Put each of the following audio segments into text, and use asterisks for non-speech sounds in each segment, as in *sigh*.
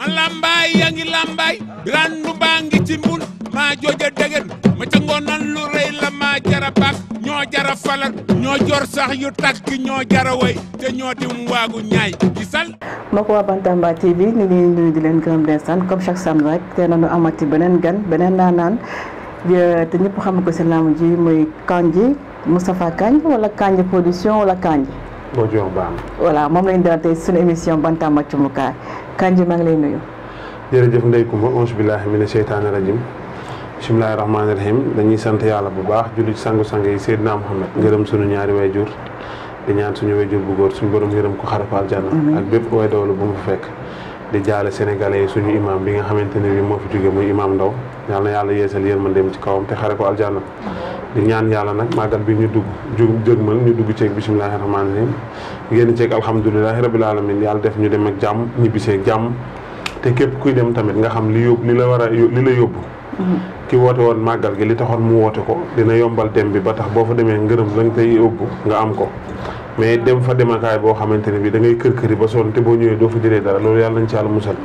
ma làmbaay yaa ngi làmbaay randu baa ngi ci mbul maa jooja degen ma ca ngoonan lu rëy la maa jara bak ñoo jara falat ñoo jor sax yu takk ñoo jara way te ñoo dim waagu ñaay gisal mbokk waa Bantamba TV ñu leen nuyu di leen sant comme chaque samedi rek te nañu amati beneen gan beneen naanaan euh, te ñëpp xam ko si làmb ji muy Kandji Moustapha Kandji wala Kandji production wala Kandji. boo moom lañ dalal tey suñu émission Bantamba Cumukaay Kandji maa ngi lay nuyu. jërëjëf Ndeye Comba auzu billaahi mina seytaani rajim bismillaahi rahmaani rahim dañuy sant yàlla bu baax julli ci sangu-sang yi Seydina Muhammad ngërëm sunu ñaari wayjur di ñaan suñu wayjur bu góor suñu borom ngërëm ko xaraf aljanna ak bépp way dawlu bu mu fa fekk di jaale sénégalais yi suñu imam bi nga xamante ne bi moo fi jóge muy imam Ndaw yal na yàlla yeesal yërmandeem ci kawam te xare ko aljanna di ñaan yàlla nag màggal bi ñu dugg jug jëgmal ñu dugg ceeg na bisimilahi rahmaani rahim génn ceeg alhamdulilahi rabil alamin yàlla def ñu dem ak jàmm ñibbisee jàmm te képp kuy dem tamit nga xam li yóbbu li la war a li la yóbbu ki woote woon màggal gi li taxoon mu woote ko dina yombal dem bi ba tax boo fa demee ngërëm lañ koy yóbbu nga am ko mais dem fa demakaay boo xamante ne bi da ngay kër-këri ba sonn te boo ñëwee doo fa jëlee dara loolu yàlla nañ ci yàlla musal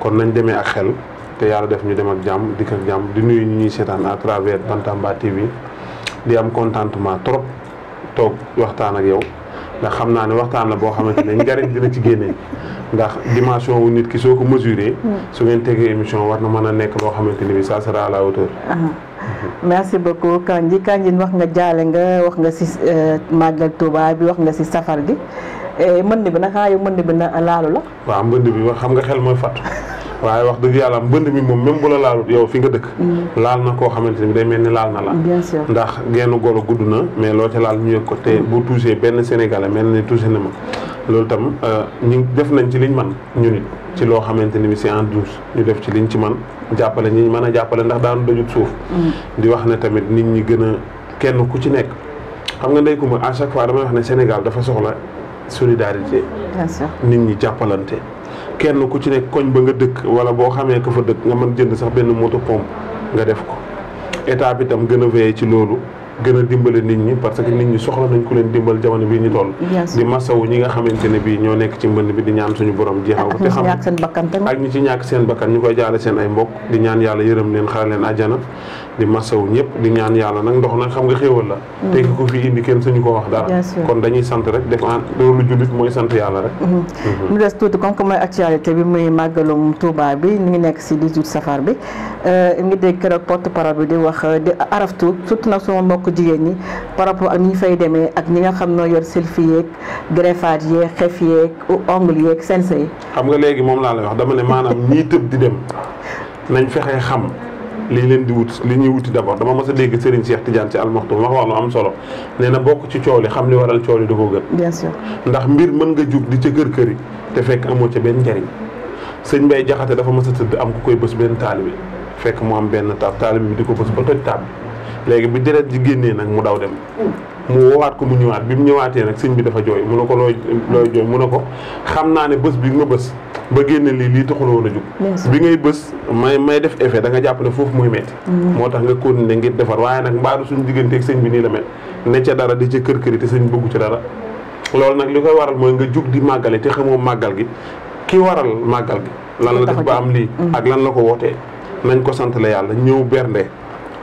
kon nañ demee ak xel te yàlla def ñu dem ak jàmm dikk ak jàmm di nuyu ñuy seetaan à travers Bantamba TV di am contentement trop toog waxtaan ak yow ndax xam naa ne waxtaan la boo xamante ne njariñ dina ci génne ndax dimension wu nit ki soo ko mesuré. su ngeen tegee émission war na mën a nekk loo xamante ni bi ça sera à la hauteur. merci beaucoup Kandji Kandji wax nga jaale nga wax nga si euh, màggal Touba bi wax nga si safar gi mbënd bi nag xaayu mbënd bi na laalu la. waaw mbënd bi xam nga xel mooy fàttu. waaye wax dëgg yàlla mbënd mi moom même bu la laalut yow fi nga dëkk mm. laal na koo xamante ni day mel ni laal na la ndax genn golo gudd na mais loo ca laal ñu yëg mm. bu touché benn sénégalais mel ni touché na ma loolu tam euh, ñu def nañ ci liñ man ñu nit ci loo xamante ni bi en douce ñu def ci liñ ci man jàppale ñi mën a jàppale ndax daanu dajut suuf mm. di wax ne tamit nit ñi gën a kenn ku ci nekk xam nga ndey Kumba à chaque fois damay wax ne Sénégal dafa soxla solidarité nit ñi jàppalante kenn ku ci nekk koñ ba nga dëkk wala boo xamee ko fa dëkk nga mën jënd sax benn moto pompe nga def ko état bi tam gën a veillé ci loolu gën a dimbale nit ñi parce que nit ñi soxla nañ ku leen dimbal jamono bii ñu toll di masawu ñi nga xamante ne bii ñoo nekk ci mbënn bi di ñaan suñu borom jeexal ko te xam ak ñi ci ñàkk seen bakkan ñu koy jaale seen ay mbokk di ñaan yàlla yërëm leen xaral leen àjjana di masawu ñëpp di ñaan yàlla nag ndox nag xam nga xéewal la mm-hmm. te ki ko fi indi kenn sañu ko wax dara kon dañuy sant rek def loolu jullit mooy sant yàlla rek mm-hmm. Mm-hmm. mu des tuuti comme que mooy actualité bi muy màggalum Touba bi ñu ngi nekk si 18 safar bi euh, ngi dégg keroog porte parole bi di wax euh, di araftu surtout nag suma mbokk jigéen ñi par rapport ak ñi fay demee ak ñi nga xam noo yor selfie yeeg greffage yeeg xef yeeg ongle yeeg sense yi xam nga léegi moom laa lay wax dama ne maanaam ñii tëb di dem nañ fexe xam li leen di wut li ñuy wuti d' abord dama mos a dégg Serigne Cheikh Tidiane si almaxtum wax wax lu am solo nee na bokk ci coow li xam li waral coow li da koo gën. bien sûr ndax mbir mën nga jug di ca kër kër yi te fekk amoo ca benn njariñ sëñ Mbay Jaxate dafa mos a tëdd am ku koy bës benn taalibe fekk mu am benn taab taalibe bi di ko bës ba toj taab bi léegi bi deret ji génnee nag mu daw dem. Mm. mu woowaat ko mu ñëwaat bi mu ñëwaatee nag sëñ bi dafa jooy mu ne ko looy looy jooy mu ne ko xam naa ne bés bi nga bés ba génne lii lii taxul woon a jug bi ngay bës may may def effet da nga jàpp ne foofu mooy metti mm-hmm. moo tax nga continuer ngir defar waaye nag mbaaru suñu digganteek sëñ bi nii la mel ne ca dara di ca kër këri te sëñ bëggu ci dara loolu nag li koy waral mooy nga jug di màggale te xamoo màggal gi ki waral màggal gi lan la def ba am lii mm-hmm. ak lan la ko wootee nañ ko sant yàlla ñëw bernde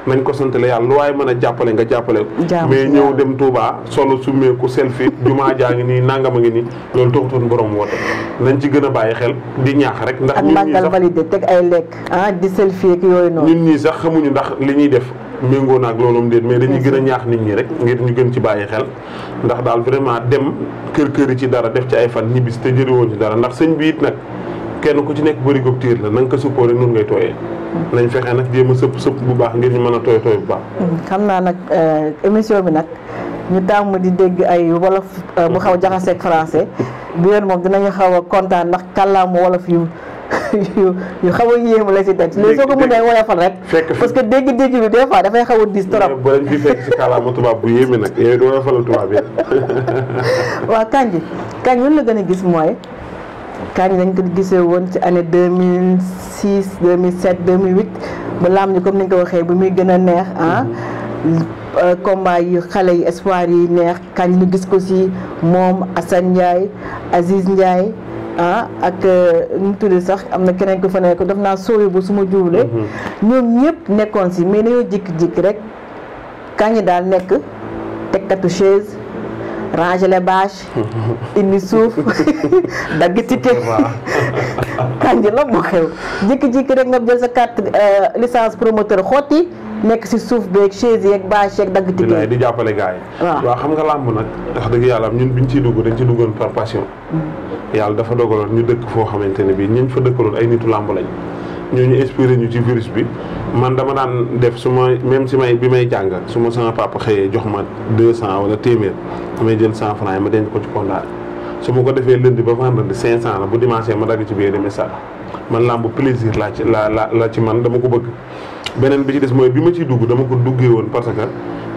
nañ ko sant yàlla lu waaye mën a jàppale nga jàppale ko mais ñëw dem Touba solo summeeku selfie jumaa jaa ngi nii nangam a ngi nii loolu taxutoon borom woote nañ ci gën a bàyyi xel di ñaax rek ndax ak màggal validé teg ay lekk ah di selfie ak yooyu noonu sax xamuñu ndax li ñuy def méngoo naag loolum déet mais dañuy gën a ñaax nit ñi rek ngir ñu gën ci bàyyi xel ndax daal vraiment dem kër kër yi ci dara def ci ay fan ñibbis te jëriwoon ci dara ndax sëñ biit nag kenn ku ci nekk bëri goog tiir la na nga ko supporté noonu ngay tooyee. nañ fexe nag jéem a sëpp sëpp bu baax ngir ñu mën a tooy tooy bu baax. Hmm, xam naa nag euh, émission bi nag ñu tàmm di dégg ay wolof euh, bu xaw a jaxaseeg français bi yoon moom dinañu xaw a kontaan ndax kàllaamu wolof yu. yu xaw a yéemu la si teg léegi soo ko mënee woyofal rek parce que dégg-dégg bi des fois dafay xaw a dis trop bu leen fi fekk si kàllaama tubaab bu yéeme nag yooyu du woyofalal tubaab yi *laughs* gis mooy kañ lañ ko gisee woon ci année 2006 2007 2008 ba laam ñu am ni comme nga ko waxee bu muy gën a neex ah euh, combat yi xale yi espoir yi neex kañ ñu gis ko si moom Assane Ndiaye Aziz Ndiaye ah ak ñu euh, tuddee sax am na keneen ku fa nekk def naa sóoyu bu su ma juulee mm-hmm. ñoom ñëpp nekkoon si mais dañoo jikk-jikk rek kañ daal nekk tekkatu chaise ranger les bâches. *laughs* indi suuf *laughs* dagg cité. *laughs* kanji la bu xew jékki-jékki rek nga jël sa carte euh, licence promoteur xotti nekk si suuf beeg chaise yeeg bâche yeeg dagg ticket di jàppale gars yi. waa xam nga làmb nag. ndax dëgg yàlla ñun biñ ci dugg dañ ci duggoon par passion. Mm. yàlla dafa dogaloon ñu dëkk foo xamante ne bii ñun fa dëkkaloon ay nitu làmb lañ. ñoo ñu inspiré ñu ci virus bi man dama daan def su ma même si may bi may jàng su ma sama papa xëyee jox ma 200 wala téeméer damay jël 100 francs yi ma denc ko ci kontaan su ma ko defee lundi ba vendredi 500 la bu dimanche ma dagg ci biir demee sàll man làmb plaisir laa ci la la la ci man dama ko bëgg. beneen bi ci des mooy bi ma ciy dugg dama ko duggee woon parce que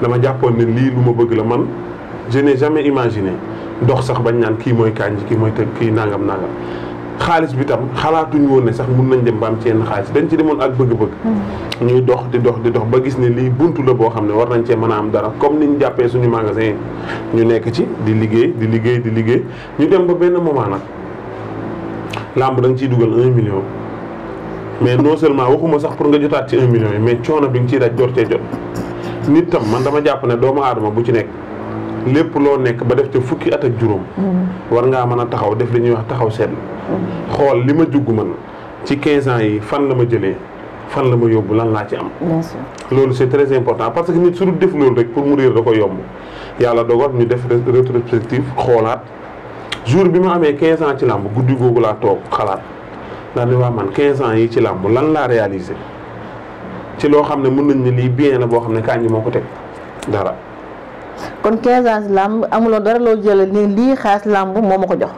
dama jàppoon ne lii lu ma bëgg la man je n'ai jamais imaginé dox sax bañ naan kii mooy kànji kii mooy tëgg kii nangam nangam. xaalis bi tam xalaatuñu woon ne sax mun nañ dem ba am ci yenn xaalis dañ ci demoon ak bëgg-bëgg. Hmm. ñuy dox di dox di dox ba gis ne lii bunt la boo xam ne war nañ cee mën a am dara comme ni ñu jàppee suñu magasin ñu nekk ci di liggéey di liggéey di liggéey ñu dem ba benn moment nag làmb da ciy dugal un million. mais non seulement waxuma sax pour nga jotaat ci un million yi mais coono bi nga ciy daj door cee jot nit tam man dama jàpp ne doomu aadama bu ci nekk. lépp loo nekk ba def ca fukki at ak juróom mm-hmm. war ngaa mën a taxaw def li ñuy wax taxaw seetlu xool li ma jugg man ci quinze ans yi fan la ma jëlee fan la ma yóbbu lan laa ci am loolu c'est très important parce que nit su dul def loolu rek pour mu réer da ko yomb yàlla dogal ñu def rétrospective xoolaat jour bi mu amee quinze ans ci làmb guddi googu laa toog xalaat daal di waa man quinze ans yi ci làmb lan laa réaliser ci loo xam ne mën nañ ne lii bien la boo xam ne kàññi moo ko teg dara kon 15 ans làmb amuloo dara loo jëlee lii xaas làmb moo a ko jox.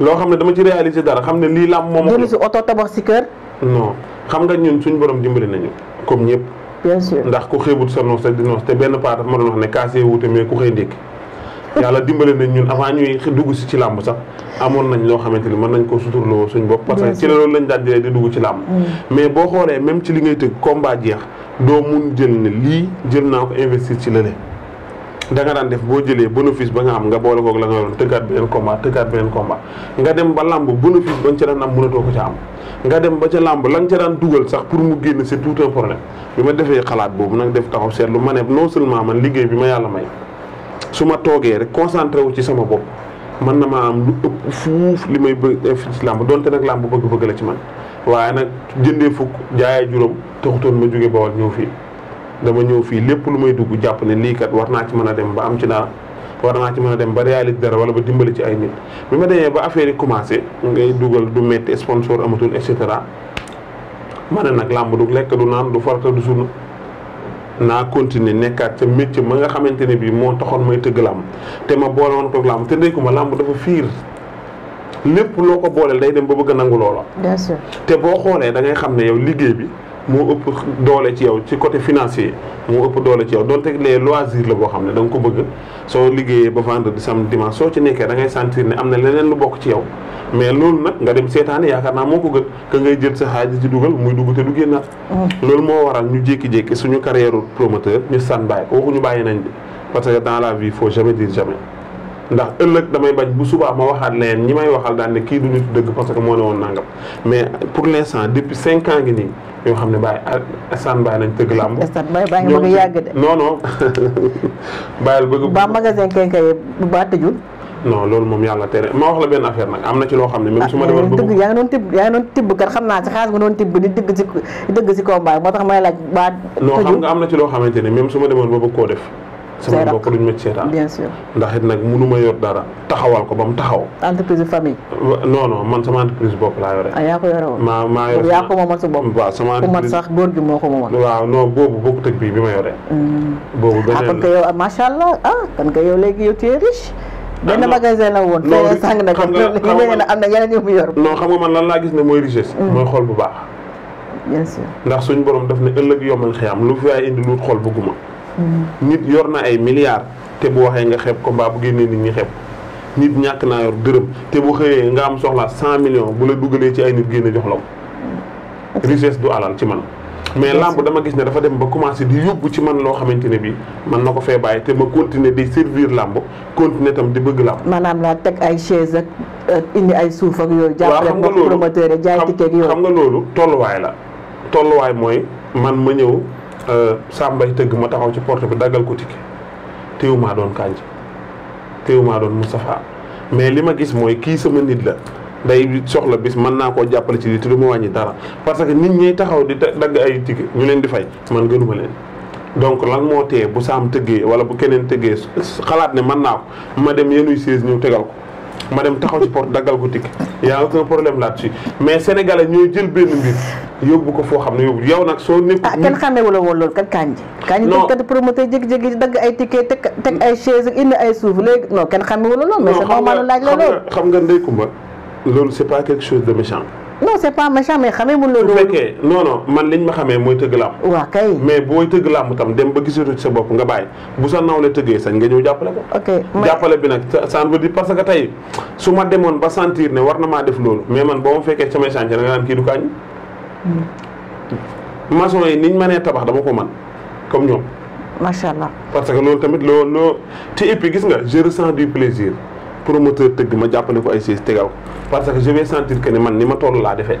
loo xam ne dama ci réaliser dara xam ne lii làmb moom ma ko jox oto tabax si kër. non xam nga ñun suñu borom dimbali nañu comme ñëpp. bien sûr ndax ku xeebut sa noos di te benn part dafa ma doon wax ne kaas yee wuute mais ku xëy ndékki yàlla dimbali nañ ñun avant ñuy dugg si ci làmb sax amoon nañ loo xamante ni mën nañ ko suturloo suñ bopp parce que ci la loolu lañ daan di dugg ci làmb mm. mais boo xoolee même ci li ngay tëgg combat jeex doo mun jël ne lii jël naa ko investir ci lële da nga daan def boo jëlee bénéfice ba nga am nga boole koog la nga yoroon tëggaat beneen combat tëggaat beneen combat nga dem ba làmb bénéfice ba nga ca daan am mënatoo ko ca am nga dem ba ca làmb la nga ca daan dugal sax pour mu génn c'est tout un problème bi ma defee xalaat boobu nag def taxaw seetlu ma ne non seulement man liggéey bi ma yàlla may su ma toogee rek concentré wu ci sama bopp man na maa am lu ëpp fuuf li may bëgg def eh, ci làmb donte nag làmb bëgg-bëgg la ci man waaye nag jëndee fukk jaayee juróom taxutoon ma jóge Bawol ñëw fii dama ñëw fii lépp lu may dugg jàpp ne lii war naa ci mën a dem ba am ci dara war naa ci mën a dem ba réaliser dara wala ba dimbali ci ay nit bi ma demee ba affaire yi commencé ngay dugal du métti sponsor amatul et cetera ma ne nag làmb du lekk du naan du farata du sunna naa continuer nekkaat sa métier ma nga xamante ne bii moo taxoon may tëgg làmb te ma boole woon koog làmb te ndeyku ma làmb dafa fiir lépp loo ko booleel day dem ba bëgg nangu loola. te boo xoolee liggéey bi. moo ëpp doole ci yow ci coté financier moo ëpp doole ci yow donte les loisirs la boo xam ne da nga ko bëgg soo liggéeyee ba vendredi samedi dimanche soo ci nekkee da ngay sentir ne am na leneen lu bokk ci yow mais loolu nag nga dem seetaani yaakaar naa moo ko gën ka ngay jël sa xaalis ci dugal muy dugg te du génnaat mm. loolu moo waral ñu jékki-jékki suñu carrière promoteur ñu sàn bàyyi ko waxuñu bàyyi nañ bi parce que dans la vie il faut jamais dire ndax ëllëg damay bañ bu subaa ma waxaat leneen ñi may waxal daan ne kii du nit dëgg parce que moo ne woon nangam mais pour l'instant depuis cinq ans gi nii yoo xam ne bàyyi instant bàyyi nañ tëgg làmb. instant bàyyi baa ngi bëgg a yàgg de. non non *laughs* bàyyil bëgg. ba magasin kenkay ba tëjul. non loolu la am na ci loo xam ne même su ma ah, demoon naa si xaalis nga doon tibb di dëgg si am na ci loo xamante ne même su ma demoon ba bëgg koo def sama mbokk duñ ma ci seetaan bien sûr ndax nag mënu ma yor dara taxawal ko ba mu taxaw entreprise famille noonu man sama entreprise bopp laa yore ah yaa ko yore woon maa sa bopp waaw sax moo ko moomal waaw non boobu bokkut ak bii bi ma yore hmm. boobu beneen ah kon ko yow ah, macha allah ah kon ko yow léegi yow tu es riche ah, benn magasin la woon fee sàng nag léegi nag am na yeneen yu mu yor non xam nga man lan laa gis ne mooy richesse hmm. mooy xool bu baax bien sûr ndax suñ borom daf ne ëllëg yomal xiyam lu fi waay indi luut xool bëgguma nit yor na ay milliards te bu waxee nga xeeb ko mbaa bu génnee nit ñi xeeb ko nit ñàkk naa yor dërëm te bu xëyee nga am soxla cent millions bu la dugalee ci ay nit génne jox la ko richesse du alal ci man mais làmb dama gis ne dafa dem ba commencé di yóbbu ci man loo xamante ne bii man na ko fee bàyyi te ma continuer di servir làmb continuer tam di bëgg làmb. maanaam laa teg ay chaise ak indi ay suuf ak yooyu. jàppale ko promoteur jaay ticket ak yooyu. xam nga loolu tolluwaay la tolluwaay mooy man ma ñëw. Euh, sàmbay tëgg ma taxaw ci port bi daggal ko tike téewumaa doon kànj téewumaa doon Moustapha mais li ma gis mooy kii sama nit la day soxla bis mën naa koo jàppale ci lii te du ma wàññi dara parce que nit ñi taxaw di dagg ay tike ñu leen di fay man gënuma leen donc lan moo tee bu saam tëggee wala bu keneen tëggee xalaat ne mën naa ko ma dem yenuy siis ñëw tegal ko ma dem taxaw ci porte daggal ko tike y a aucun problème là-dessus mais sénégalais jël benn mbir yóbbu ko foo xam ne yóbbu yow nag soo nekkul. ah kenn xamewu la woon loolu kat Kandji. non Kandji kat promoteur jékki-jékki dagg ay ticket teg teg ay chaise indi ay suuf léegi non kenn la loolu. mais la loolu xam nga Ndeye Coumba loolu c'est pas quelque chose de méchant. non mais xamee fekkee non non mooy tëgg làmb. waaw kay mais booy tëgg làmb tam dem ba gisatu ci sa bopp nga bàyyi bu sa nawle tëggee sañ nga ñëw jàppale ko. ok jàppale bi nag ça que tey su ma demoon ba sentir ne war na maa def loolu mais man boo ma fekkee naan kii du kañ Mm. maçon yi niñ mënee tabax dama ko man comme ñoom. macha allah parce que loolu tamit loo te et gis nga je ressens du plaisir promoteur tëgg ma jàppale ko ay siis tegal ko parce que je cent sentir que ni man ni ma toll laa defee.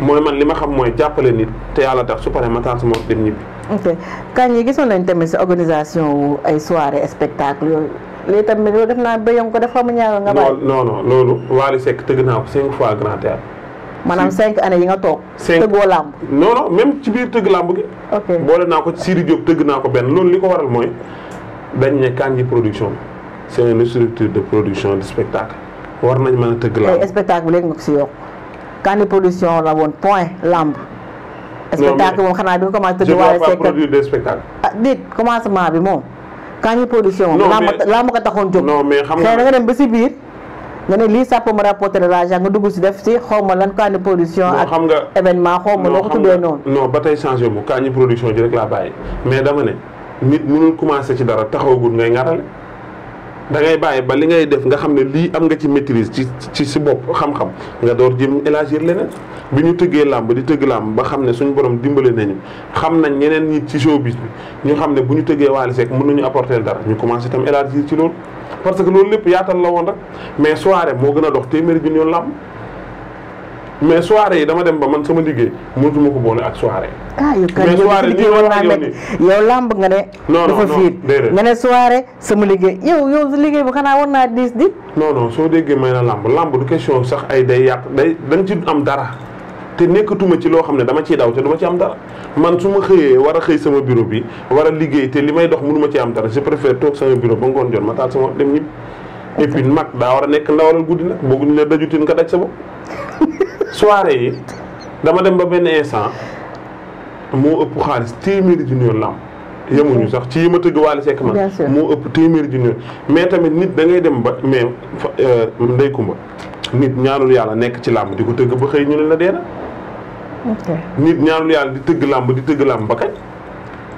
mooy man li ma xam mooy jàppale nit te yàlla tax su paree ma taal sama dem ñibbi. ok kañ yi gisoon nañ tamit sa organisation wu ay soirée spectacle yooyu léegi tamit loolu def naa ba ko def xamu ñaar nga. bàyyi non non loolu Wally Seck tëgg fois grand maanaam cinq années yi nga toog. cinq tëggoo làmb. non non même ci biir tëgg làmb gi. boole naa ko Siri Diop tëgg naa ko benn loolu li ko waral mooy dañ ne Kandji production c' est une de production de spectacle war nañ mën a tëgg làmb. tey spectacle bi léegi ko si yokk Kandji production la woon point làmb. spectacle moom bi nga commencé tëgg wala. Ah, commencement bi moom. Kandji production. non mais làmb ko taxoon jóg. non na nga dem ba si biir. nga ne lii sàpp ma rapporté l'argent nga dugg si def si xaw ma lan kaani production ak xam nga événement xaw ma loo ko noonu ba tey changé bu kaani production ji rek laa bàyyi mais dama ne nit mënul commencé ci dara taxawagul ngay ngarale da ngay bàyyi ba li ngay def nga xam ne lii am nga ci maîtrise ci ci si bopp xam-xam nga door jëm élargir leneen bi ñu tëggee làmb di tëgg làmb ba xam ne suñu borom dimbale nañu xam nañ ñeneen ñi ci showbiz bi ñu xam ne bu ñu tëggee Wally Seck mën nañu apporter dara ñu commencé itam élargir ci loolu parce que loolu lépp yaatal la woon rek mais soirée moo gën a dox téeméeri junni yoon làmb mais soirée yi dama dem ba man sama liggéey mënatuma ko boole ak soirée. ah yow kay yow làmb nga ne. non non sama liggéey yow yow liggéey bu xanaa war naa diis di. non non soo déggee may na làmb làmb du question sax ay day yàq day da ci am dara. te nekkatuma ci loo xam ne dama ciy daw te dama ci am dara man su ma xëyee war a xëy sama bureau bi war a liggéey te li may dox mënuma ci am dara je préfère toog sama bureau ba ngoon jot ma taal sama dem ñibbi et mag daa war a nekk ndawalal guddi nag bëgguñ la dajutin nga daj sa bopp soirée yi dama dem ba benn instant moo ëpp xaalis téeméeri junni yoon la yemuñu sax ci yi ma tëgg Wally Seck man moo ëpp téeméeri junni yoon mais tamit nit da ngay dem ba mais kumba euh, nit ñaanul yàlla nekk ci làmb di ko tëgg ba ñu ne la dee nit ñaanul yàlla di tëgg làmb di tëgg làmb ba kañ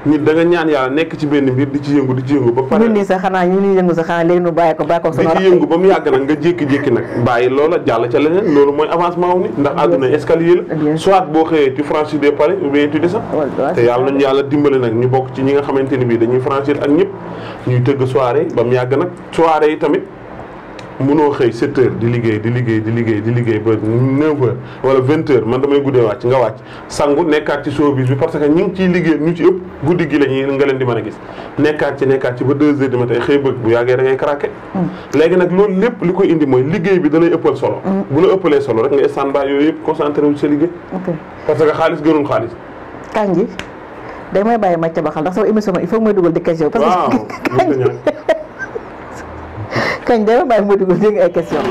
nit da nga ñaan yàlla nekk ci benn mbir di ci yëngu di ci yëngu ba pare ñun xanaa ñun nii yëngu sax xanaa léegi nu bàyyi ko bàyyi ko di ci yëngu ba mu yàgg nag nga jékki-jékki nag bàyyi loola jàll ca leneen loolu mooy avancement wu nit ndax àdduna escalier la soit boo xëyee tu franchis des paliers te yàlla nañu yàlla dimbali nag ñu bokk ci ñi nga xamante ni bii dañuy franchir ak ñëpp ñuy tëgg soirée ba mu yàgg nag soirée yi tamit munoo xëy 7 heures di liggéey di liggéey di liggéey di liggéey ba 9 heures wala 20 heures man damay guddee wàcc nga wàcc sangu nekkaat ci showbiz bi parce que ñu ngi ciy liggéey ñu ci ëpp guddi gi la nga leen di mën a gis nekkaat ci nekkaat ci ba 2 heures du matin xëy bëgg bu yàggee da ngay craqué mm. nag loolu lépp li koy indi mooy liggéey bi dalay ëppal solo mm. bu la ëppalee solo rek nga stand by yooyu yëpp concentré wu ci sa liggéey parce que xaalis gënul xaalis kanji day may bàyyi ma sama émission ma *laughs* kañ de bàyyi ma dugg dégg ay question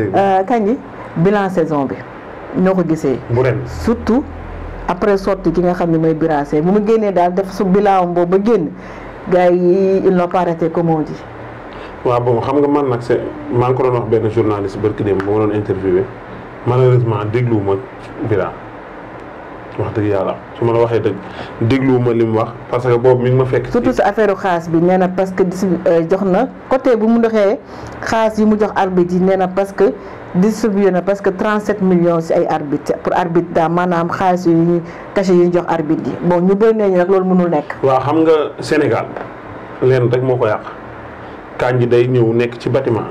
Euh, kañ yi bilan saison bi ñoo ko gisee. mu ren surtout après sorti ki nga xam ne mooy Birasé bu ma génnee daal def su bilan boobu ba génn gars yi il n'a pas arrêté comme on xam nga man nag c'est maa ngi ko doon wax benn journaliste barki démb ba ma doon interviewé malheureusement dégluwuma bilan wax dëgg yàlla su ma la waxee dëgg. dégluwuma li mu wax parce que boobu mi ngi ma fekk. surtout sa affaire xaas bi nee na parce que euh, jox na côté bu mu doxee xaas yi mu jox arbitre yi nee na parce que distribué na parce que 37 millions si ay arbitre pour arbitre daal maanaam xaalis yu ñu cachet yu ñu jox arbitre yi bon ñu bëri nañu rek loolu mënul nekk. waa xam nga Sénégal leen rek moo ko yàq kañ day ñëw nekk ci bâtiment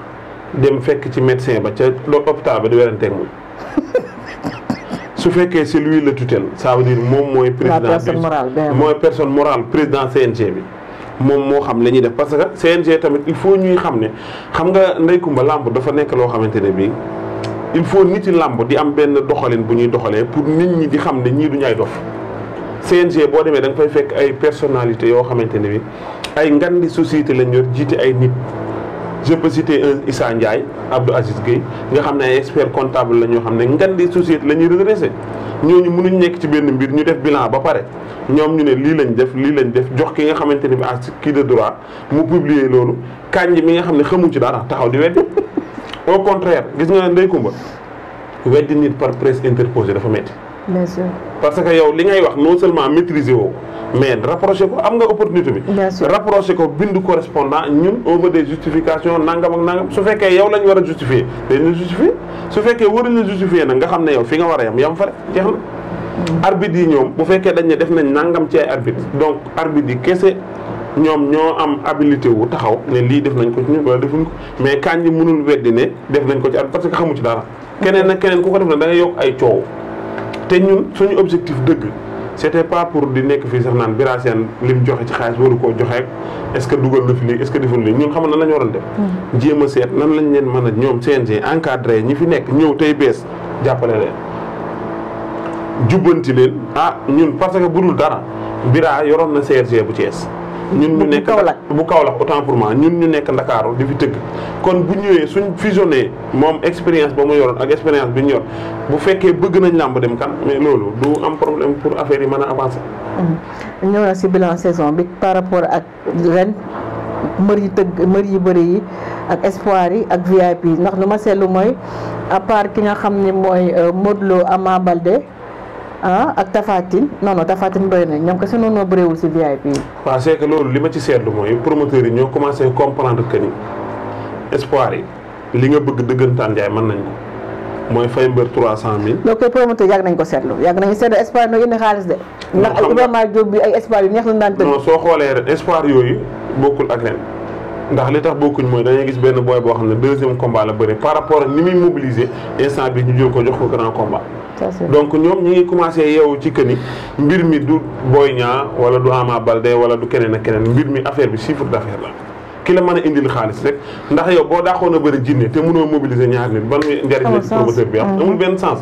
dem fekk ci médecin ba ca hôpital ba di weranteeg moom. *laughs* su fekkee c'est lui le tutelle ça veut moom mooy président mooy personne morale président CNG bi moom moo xam la ñuy def parce que CNG tamit il faut ñuy xam ne xam nga Ndeye Kumba làmb dafa nekk loo xamante ne bii il faut nit ci làmb di am benn doxalin bu ñuy doxalee pour nit ñi di xam ne ñii duñu ay dof CNG boo demee da nga fay fekk ay personnalité yoo xamante ne bi ay ngandi société lañ yor jiite ay nit je peux citer un Issa Ndiaye Abdou Aziz nga xam ne ay expert comptable la ñoo xam ne ngan di société la ñuy redressé ñooñu mënuñ nekk ci benn mbir ñu def bilan ba pare ñoom ñu ne lii lañ def lii lañ def jox ki nga xamante ne bi à kii de droit mu publier loolu kànj mi nga xam ne xamu ci dara taxaw di weddi au contraire gis nga ne ndey kumba weddi nit par presse interposée dafa metti bien sûr parce que yow li ngay wax non seulement maîtriser woo mais rapproché ko am nga opportunité bi. bien sûr rapproché ko bind correspondant ñun on veut des justifications nangam ak nangam su fekkee yow lañ war a justifier dañuy justifier su fekkee war la justifier na nga xam ne yow fi nga war a yam yam fa rek jeex na. arbitre yi ñoom bu fekkee dañ ne def nañ nangam ci ay arbitre donc arbitre yi kese ñoom ñoo am habilité wu taxaw ne lii def nañ ko ci ñun wala defuñ ko mais kañ ñi mënul weddi nañ ko ci arbitre parce que xamu ci dara. keneen nag keneen ku ko def na da ngay ay coow. te ñun suñu objectif dëgg et pas pour di nekk fii sax naan Bira Sène lim joxe ci xaalis waru koo joxe est-ce que dugal na fi lii est-ce que deful lii ñun xam nan la waroon def. Mm. jéem a seet nan lañ leen mën a ñoom CNG encadré ñu fi nekk ñëw tey bees jàppale leen. jubbanti leen ah ñun parce que budul dara Bira yoroon na CRG bu Thiès. ñun ñu nekk bu Kaolack autant pour moi ñun ñu nekk Ndakaaru di fi tëgg kon bu ñëwee suñ fusionné moom expérience ba mu yoroon ak expérience bi ñu yor bu fekkee bëgg nañ làmb dem kan mais loolu du am problème pour affaire yi mën a avancer. Mm-hmm. ñëw na si bilan saison bi par rapport ak ren mbër yi tëgg mbër yi bëri yi ak espoir yi ak VIP ndax lu ma seetlu mooy à part ki nga xam ne mooy euh, Modou Lo Ama ah ak Tafatine non non Tafatine doy na ñoom kese noonu noo bëreewul si VIP yi. waaw loolu li ma ci seetlu mooy promoteurs yi ñoo nga bëgg dëggantaan Ndiaye mën nañ ko. mooy fay mbër koy promoteur yàgg nañ ko seetlu yàgg nañu seetlu espoir no indi xaalis de. ndax ay Ibrahima Diop bi ay espoir yu neex lañu daan tëdd. non soo xoolee ren espoir yooyu bokkul ak ren ndax li tax bokkuñ mooy dañuy gis benn boy boo xam ne deuxième combat la bëri par rapport ak ni muy mobiliser instant bi ñu jël ko jox ko grand combat. donc ñoom ñi ngi commencé yow ci këni mbir mi du Boy Niang wala du Ama Baldé wala du keneen ak keneen mbir mi affaire bi chiffre d'affaires la ki la mën a indil xaalis rek ndax yow boo daaxoon a bëri jinne te mënoo mobiliser ñaar nit ba njariñ la ci promoteur bi am ah? amul mm-hmm. benn sens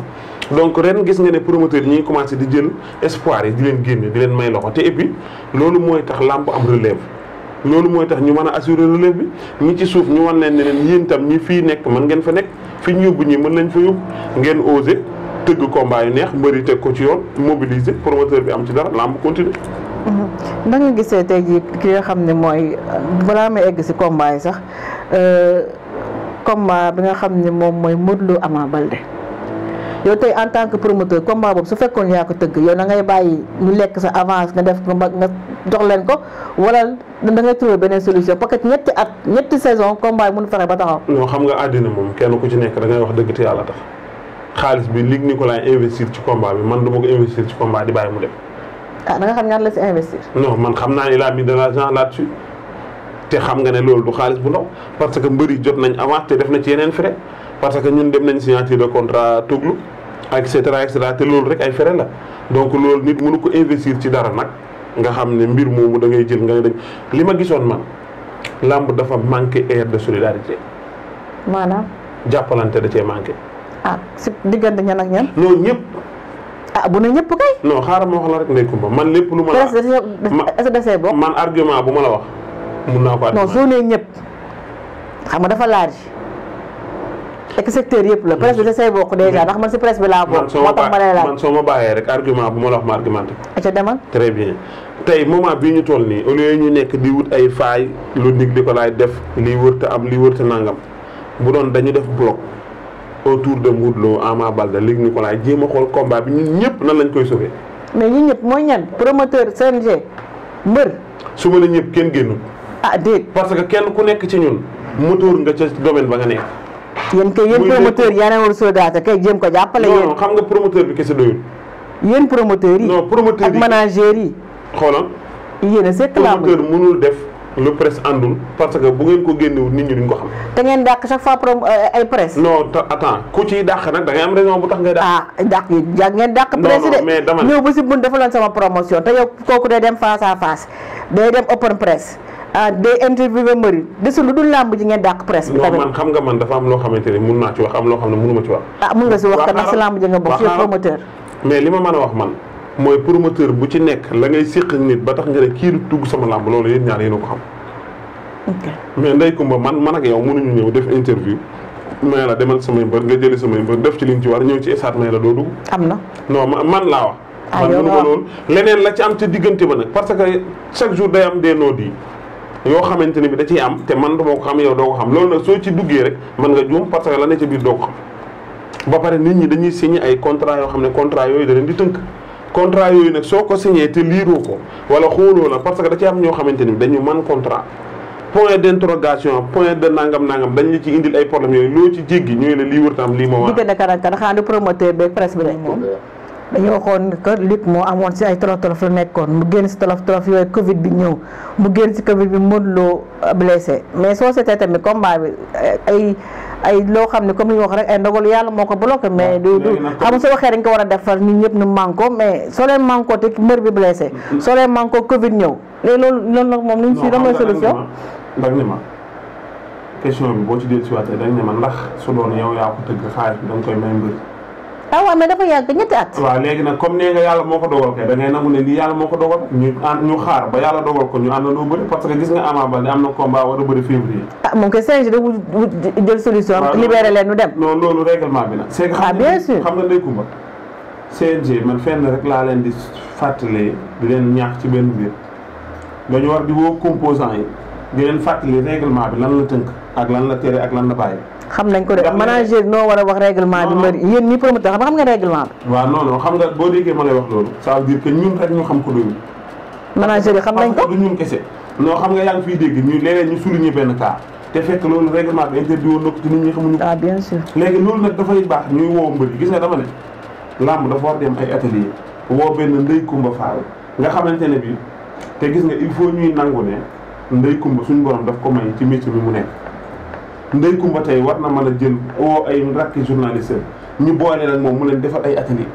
donc ren gis nga ne promoteur yi ñi ngi commencé di jël espoir yi di leen génne di leen may loxo te et puis loolu mooy tax làmb am relève loolu mooy tax ñu mën a assurer relève bi ñi ci suuf ñu wan leen ne yéen itam ñi fii nekk mën ngeen fa nekk fi ñu yóbbu mën lañ fa yóbbu ngeen oser tëgg combat yu neex mbëri teg ko ci yoon mobiliser promoteur bi am ci dara lamb continuer da mhm. nga gisee tey jii ki nga xam ne mooy balaa may egg si combat yi sax euh, combat bi nga xam ne moom mooy Modou Lo Ama Baldé yow tey en tant que promoteur combat boobu su fekkoon yaa ko tëgg yow na ngay bàyyi ñu lekk sa avance nga def ko nga jox leen ko wala da ngay trouver beneen solution parce que ñetti at ñetti saison combat yi mënu fexe ba taxaw. non xam nga àddina moom kenn ko ci nekk wax dëgg te yàlla tax. xaalis bi Luc Nicolaï investir ci combat man du ma ko investir ci combat di bàyyi mu dem. ah da nga xam ñaata la si investir. man xam naa ne il a mis de l'argent là-dessus te xam ne loolu xaalis bu ndaw parce que mbëri jot nañ avance def na ci yeneen frais parce que ñun dem nañ signature de contrat Toglou et cetera et cetera te loolu rek ay frais la donc loolu nit mënu ko investir ci dara nag nga xam ne mbir moomu da ngay jël nga ne dañ li ma gisoon man làmb dafa manqué air de solidarité. maanaam. jàppalante da cee manqué. ah si diggante ñan ak ñan. non ñëpp. ah bu ne ñëpp kay. non xaaral ma wax la rek Ndeye Comba man lépp lu ma la. presque bokk man argument bu ma la wax mun naa ko. non soo nee ñëpp xam nga dafa laaj. ek secteur yëpp la presse bi da say bokk déjà ndax man si presse bi laa bokk. moo ma lay laaj man soo ma bàyyee rek argument bu ma la wax ma argumenté ko. ca demal tey moment bii ñu toll nii au lieu ñu nekk di wut ay faay lu nit di ko laay def lii wërta am lii wërta nangam bu doon dañu def bloc. autour de Modou Lo Ama Baldé Luc Nicolaï jéem a xool combat bi ñun ñëpp nan lañ koy sauver. mais ñun ñëpp mooy ñan promoteur CNG mbër. su ma la ñëpp kenn génnu ah déet parce que kenn ku nekk ci ñun moteur nga ca domaine ba nga nekk. yéen kay yéen promoteur yaa ne woon Sodaata kay jéem ko jàppale yéen. promoteur bi kese doyul. yéen promoteur yi. non promoteur yi ak managers yi. xoolal. yéen a sekk laa promoteur mënul def. le presse àndul parce que bu ngeen ko génnewul nit ñi duñ ko xam. te euh, am raison bu tax ngay dàq. ah kooku day dem face à face day dem open presse. ah day interviewé xam nga man dafa am loo xamante ne mun naa ci wax am loo xam ne ah, mun nga si wax te ndax si làmb ji nga bokk. waaw li ma mën a wax man. mooy promoteur bu ci nekk la ngay séq ak nit ba tax nga ne kii tugg sama làmb loolu yéen ñaar yéen a ko xam. mais Ndeye Comba man man ak yow mënuñu ñëw def interview may la demal samay mbër nga jëli samay mbër def ci liñ ci war ñëw ci esaat may la doo dugg. am na man laa wax. Ah, man mënu ma loolu leneen la ci am ca diggante ba nag parce que chaque jour day am des nood yi yoo xamante ne bi da ciy am te man dama ko xam yow doo ko xam loolu nag soo ci duggee rek mën nga juum parce que la ne biir doo ba pare nit ñi dañuy signé ay contrat yoo xam ne contrat yooyu da di tënk contrat yooyu nag soo ko signé te liiroo ko wala xooloo la parce que da ci am ñoo xamante ni dañu man contrat point d'interrogation point de nangam nangam dañ la ci indil ay problèmes yooyu loo ci jéggi ñooy la lii wër tam lii moo. diggante kan ak kan xanaa moom. dañu waxoon que Luc moo amoon si ay tolof tolof la nekkoon mu génn si tolof tolof yooyu Covid bi ñëw mu génn si Covid bi Modou Lo blessé mais soo seetee tamit combat bi ay. ay loo xam ne comme li ñu wax rek ay ndogalu yàlla moo ko bloqué mais ah, du du xam su waxee dañ ko war a defar ñun ñëpp nu manko mais soo leen manko te mbër bi blessé soo leen manko covid ñëw loolu loolu nag moom liñ si dam lay solution dañ ne ma question bi boo ci dee si waatee dañ ne ma ndax su doon yow yaa ko tëgg xaalis bi koy may mbër ah waaw mais dafa yàgg ñetti at. waaw léegi nag comme nee nga yàlla moo ko dogal kay da ngay nangu ne lii yàlla moo ko dogal ñu ànd ñu xaar ba yàlla dogal ko ñu àndandoo bëri parce que gis nga Ama Baldé am na combat war a bëri février. ah moom kay CNG da wut jël solution. waaw leen ñu dem. non loolu règlement bi nag. ah bien sûr xam nga ndey kumba CNG man fenn rek laa leen di fàttalee di leen ñaax ci benn mbir dañu war di woo composant yi di leen fàttali règlement bi lan la tënk ak lan la tere ak lan la bàyyi. xam nañ ko de manager noo war a wax règlement bi mbëri yéen ñi promoteur xam nga règlement bi waaw non non xam nga boo déggee ma lay wax loolu ça veut dire ñun rek ñu xam ko doyul manager yi xam nañ ko du ñun kese non xam nga yaa ngi dégg ñu léeg-léeg ñu souligner benn cas te fekk loolu règlement bi interdit woon na ko te nit ñi xamuñu ah bien sûr léegi loolu nag dafay baax ñuy woo mbëri gis nga dama ne làmb dafa war dem ay atelier woo benn ndey kumba faal nga xamante ne bi te gis nga il faut ñuy nangu ne ndey kumba suñu borom daf ko ci métier bi mu nekk Ndeye Comba tey war na mën a jël oo ay rakki journaliste ñu boole nag moom mu leen defar ay atelier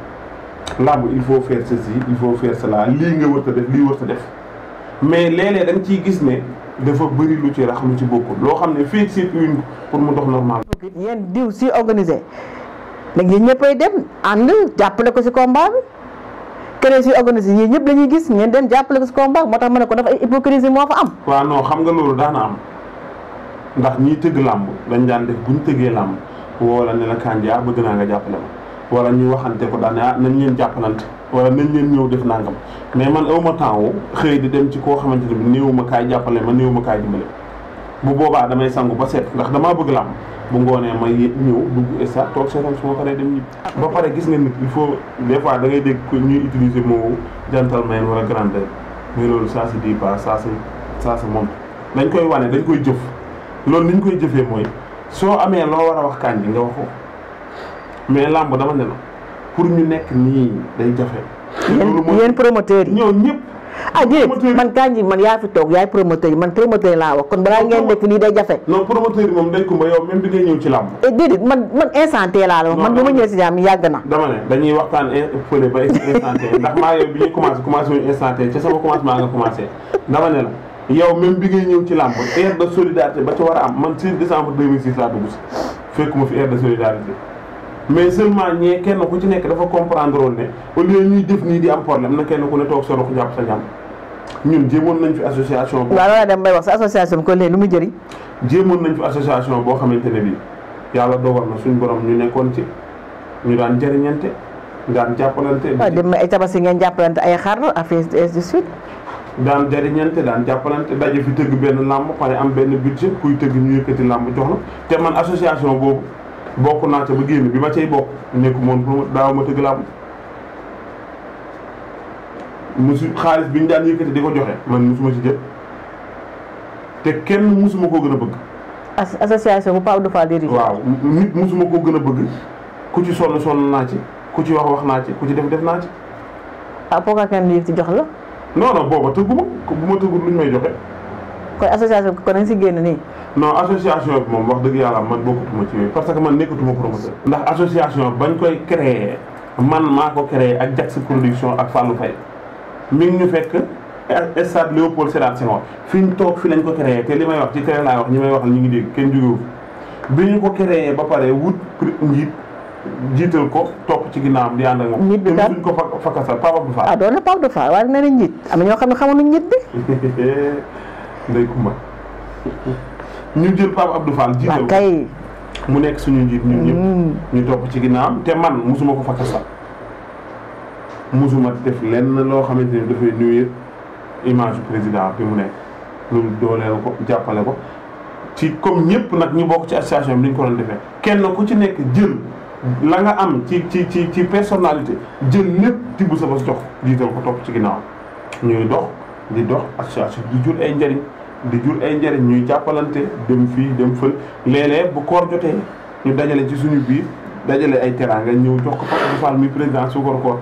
làmb il faut faire si il faut sa laa lii nga wërta def lii wërta def mais léeg-léeg da nga ciy gis ne dafa bëri lu ci rax lu ci bokkul loo xam ne fii ci une pour mu dox normal. yéen diw si organisé léegi yéen ñëppay dem ànd jàppale ko si combat bi keneen si organisé yéen ñëpp la gis ngeen dem jàppale ko si combat moo tax ma ne ko dafa ay hypocrisie moo am. waaw xam nga loolu daan am. ndax ñiy tëgg làmb dañ daan def bu ñu tëggee làmb woo la ne la Kandia ah bëgg naa nga jàppale ma wala ñu waxante ko daan ne ah nañ leen jàppalante wala nañ leen ñëw def naa nangam mais man awma temps xëy di dem ci koo xamante ne bi néew ma kaay jàppale ma néew ma kaay dimbale bu boobaa damay sangu ba set ndax damaa bëgg làmb bu ngoonee ma ñëw dugg esta toog seetam su paree dem ñibbi ah, ba pare gis nga nit il faut des fois da ngay dégg ko ñuy utiliser moo gentleman wala grandeur mais loolu ça se dit pas ça se ça se montre dañ koy wane dañ koy loolu ni ñu koy jëfee mooy soo amee loo war a wax kañ bi nga wax mais làmb dama ne la pour ñu nekk nii day jafe. yéen yéen promoteurs yi ñoo ñëpp. ah déedéet yaa fi toog yaay promoteur yi man promoteur laa wax kon balaa ngeen def lii ñëw ci làmb. Eh, déedéet man man laa la wax man bi ma ñëwee si yàgg na. dama ne dañuy waxtaan fële ba instanté ndax maa yow bi ñuy commencé commencé wuñu instanté ca sama commencement nga commencé dama ne la. yow même bi ngay ñëw ci làmb air de solidarité ba ci war a am man 6 décembre 2006 laa dugg si fekkuma air de solidarité mais seulement ñee kenn ku ci nekk dafa comprendre woon ne au lieu di am kenn ku ne toog sa rox jàpp sa nañ fi association. boo waaw dem bay wax sa association kon lu mu jëriñ. jéemoon nañ fi association boo xamante ne bii yàlla dogal na suñu borom ñu nekkoon ci ñu daan jëriñante daan jàppalante. waaw dem ay tabaski ngeen jàppalante ay xar a de suite. daan jariñante daan jàppalante daje fi tëgg benn làmb pare am benn budget kuy tëgg ñu yëkkati làmb jox la te man association boobu bokk naa ca ba génn bi ma cay bokk nekku moom pour daaw ma tëgg làmb musu xaalis bi ñu daan yëkkati di ko joxe man musuma ci jël te kenn musuma koo gën a bëgg association bu Pape defaa Fall dirige waaw nit musuma koo gën a bëgg ku ci sonn sonn naa ci ku ci wax wax naa ci ku ci def def naa ci ah pourquoi kenn yëf ci la non non booba tëggu ma bu ma tëggul lu ñu may joxe. kon association bi kon nañ génn nii. non association bi moom wax dëgg yàlla man bokkutuma ci yooyu parce que man nekkatuma promoteur. ndax association bañ koy créer man maa ko créer ak Jax production ak Fallou Faye mi ñu fekk. stade Léopold Sédar Senghor fi ñu toog fi lañ ko créé te li may wax ci télé laay wax ñi may waxal ñu ngi dégg kenn jógewu bi ñu ko créé ba pare wut njiit jiital ko topp ci ginnaawam di ànd ak moom. njiit ko fakkasal Pape Abdou Fall. ah doon xam ne xamuñu njiit bi. *laughs* ndey Kumba ñu jël Pape Abdou Fall. jiital kay. mu nekk suñu njiit ñun ñëpp. Mm. ñu topp ci am te man musuma ko fakkasal. musuma def lenn loo xamante ni dafay nuyu image président bi mu nekk loolu dooleel ko jàppale ko ci comme ñëpp nag ñu bokk ci association bi ni ko doon defee kenn ku ci nekk jël. la nga am ci ci ci ci personnalité jël lépp tibb sa bas jox jiital ko topp ci ginnaaw ñuy dox di dox association di jur ay njëriñ di jur ay njëriñ ñuy jàppalante dem fii dem fël léeg bu koor jotee ñu dajale ci suñu biir dajale ay teraanga ñëw jox ko Fatou Fall mi président Suukar Koor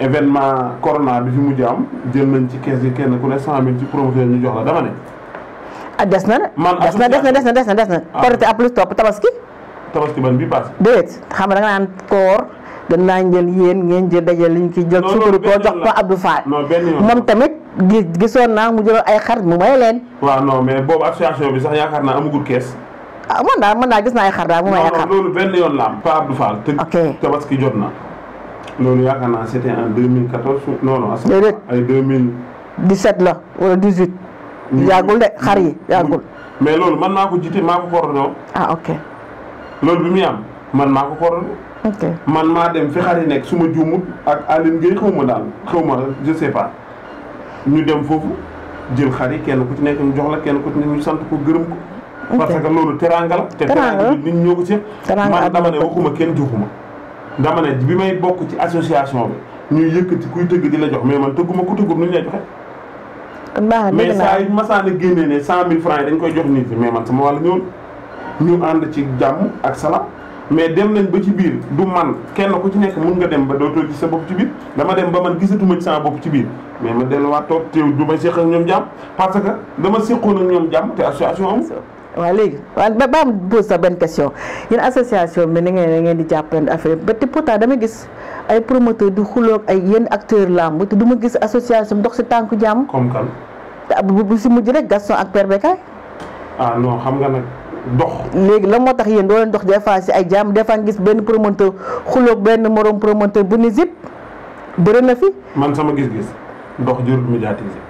événement corona bi si mujj am jël nañ ci kees yi kenn ku ne cent mille ci promoteur ñu jox la dama ne. Ah, des na man des na des na des na des ah. plus topp tabaski. tabaski ban bi passé. déedéet xam nga da nga naan koor danaa jël yéen ngeen jël dajale liñ ci jël. sukkur jox ko Abdou Fall. moom tamit gis gisoon naa mu jëloon ay xar mu may leen. waaw no mais boobu association bi sax yaakaar naa amagul kees. ah man daal man daal gis naa ay xar daal mu may ay xar. non loolu benn yoon la am. yaakaar naa c'était en 2014 non non. déedéet la wala 18. Mm. yàggul de xar yi yàggul. mais loolu man maa ko jiite maa ko coordonné ah ok. loolu bi muy am man maa ko coordonné. man maa dem fi xar yi nekk su ma ak Aline Gueye xaw ma daal xaw ma je sais pas ñu dem foofu jël xar yi kenn ku ci nekk ñu jox la kenn ku ci nekk ñu sant ko gërëm ko. parce que loolu teraanga te teraanga nit ñoo ko ci. man dama ne waxuma kenn joxuma dama ne bi may bokk ci association bi ñuy yëkkati kuy tëgg di la jox mais man tëgguma ku tëggum nu ñu lay joxe. mais saa yu masaan a génnee ne cent mille francs yi dañ koy jox nit mais man sama wàll ñëwul. ñu ànd ci jàmm ak salaam mais dem nañ ba ci biir du man kenn ku ci nekk mën nga dem ba dootoo gis sa bopp ci biir dama dem ba man gisatuma ci sama bopp ci biir mais ma delluwaat toog teew du ma séq ak ñoom jàmm parce que dama séqoon ak ñoom jàmm te association am waaw léegi waaw ba ba am benn question yéen association bi ni ngeen ngeen di jàppale affaire ba te pourtant dama gis ay promoteur du xuloog ay yenn acteur làmb te du ma gis association dox si tànku jàmm. comme kan. te bu si mujj rek Gaston ak Père Bécaye. ah non xam nga nag. dox léegi la moo tax yéen doo leen dox des si ay jàmm defaa fois gis benn promoteur xuloog benn morom promoteur bu ni zip bëri na fi. man sama gis-gis dox jurul médiatiser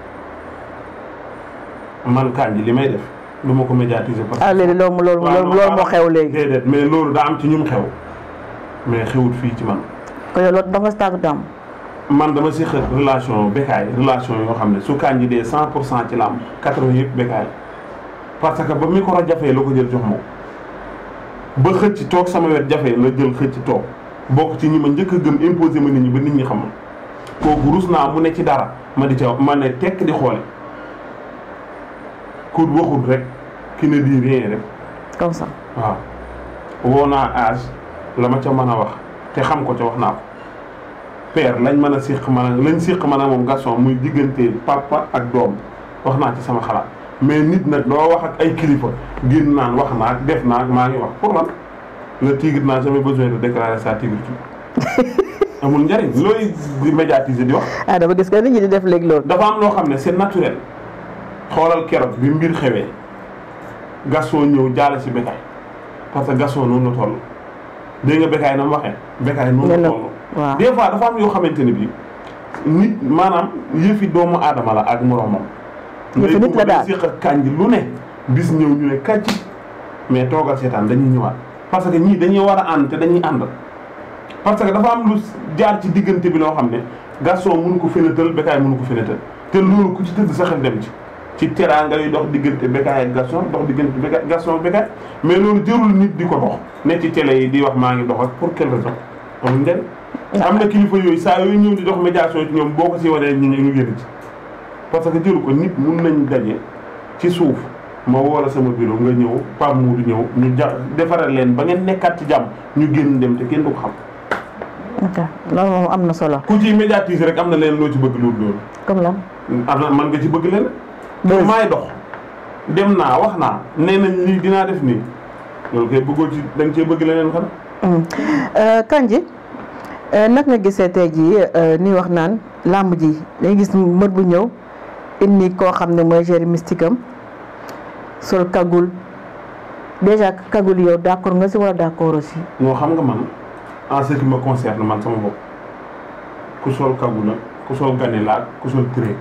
man Kandji li may def lu ma ko médiatiser. parce que ah léegi loolu loolu moo xew léegi. mais loolu daa am ci ñum xew mais xewut fii ci man. kon loolu dafa stag am. man dama si xër relation békaay relation yoo xam ne su Kandji dee 100 pour cent ci làmb 80 yëpp békaay. parce que ba micro jafee la ko jël jox ma ba xëcc toog sama wet jafee la jël xëcc toog bokk ci ñi ma njëkk a gëm imposé ma nit ñi ba nit ñi xam ma kooku rus naa mu ne ci dara ma di ca ma ne tekk di xoole ku waxul rekk ki ne di rien rek. comme ça waaw. woo naa âge la ma ca mën a wax te xam ko ca wax naa ko père lañ mën a siq ma a lañ siq man a moom garçon muy diggante papa ak doom wax naa ci sama xalaat. mais nit nag doo wax ak ay kilifa génn naan wax naa ak def naa ak maa ngi wax pour man le tigre n'a jamais besoin de déclarer sa tigritude *laughs* amul njëriñ looy di médiatiser di wax. ah dama gis que nit ñi di def léegi loolu. dafa am loo xam ne seen naturel xoolal keroog bi mbir xewee Gaston ñëw jaale si Bécaye parce que Gaston noonu la toll nga Bécaye na mu waxee. Bécaye noonu la toll dafa am yoo xamante ne bii nit maanaam yëfi doomu aadama la ak moromam. yëfu nit la daal mais lu ne bis ñëw ñu ne kàcc mais toogal seetaan dañuy ñëwaat parce que ñii dañuy war a ànd te dañuy ànd parce que dafa am lu jaar ci diggante bi noo xam ne Gaston mënu ko fenetal Bécaye mënu ko fenetal te loolu ku ci tëdd sa xel dem ci ci teraanga yuy dox diggante Bécaye ak Gaston dox diggante Bécaye Gaston ak Bécaye mais loolu jërul nit di ko dox ne ci télé yi di wax maa ngi dox ak pour quelle raison amul njëriñ am na kilifa yooyu saa yooyu ñëw di dox médiation ci ñoom boo ko si wanee ñu ñu yëri parce que jëru ko nit mun nañ daje ci suuf ma woo la sama bureau nga ñëw Pape Moudou ñëw ñu ja defaral leen ba ngeen nekkaat ci jàmm ñu génn dem te kenn du ko xam. ok loolu moom am na solo. ku ci médiatise rek am na leen loo ci bëgg loolu loolu. comme lan. am na mën nga ci bëgg leen. loolu maay dox. dem naa wax naa nee nañ lii dinaa def nii loolu kay bëggoo ci da cee bëgg leneen xanaa. Mm. Euh, Kandji euh, nag nga gisee tey jii euh, ni wax naan làmb ji dañ gis mbër bu ñëw. indi koo xam ne mooy gérer mystique am sol kagul déjà kagul yow d'accord nga si wala d'accord aussi. non xam nga man en ce qui me concerne man sama bopp ku sol kagul la ku sol gane la ku sol tiré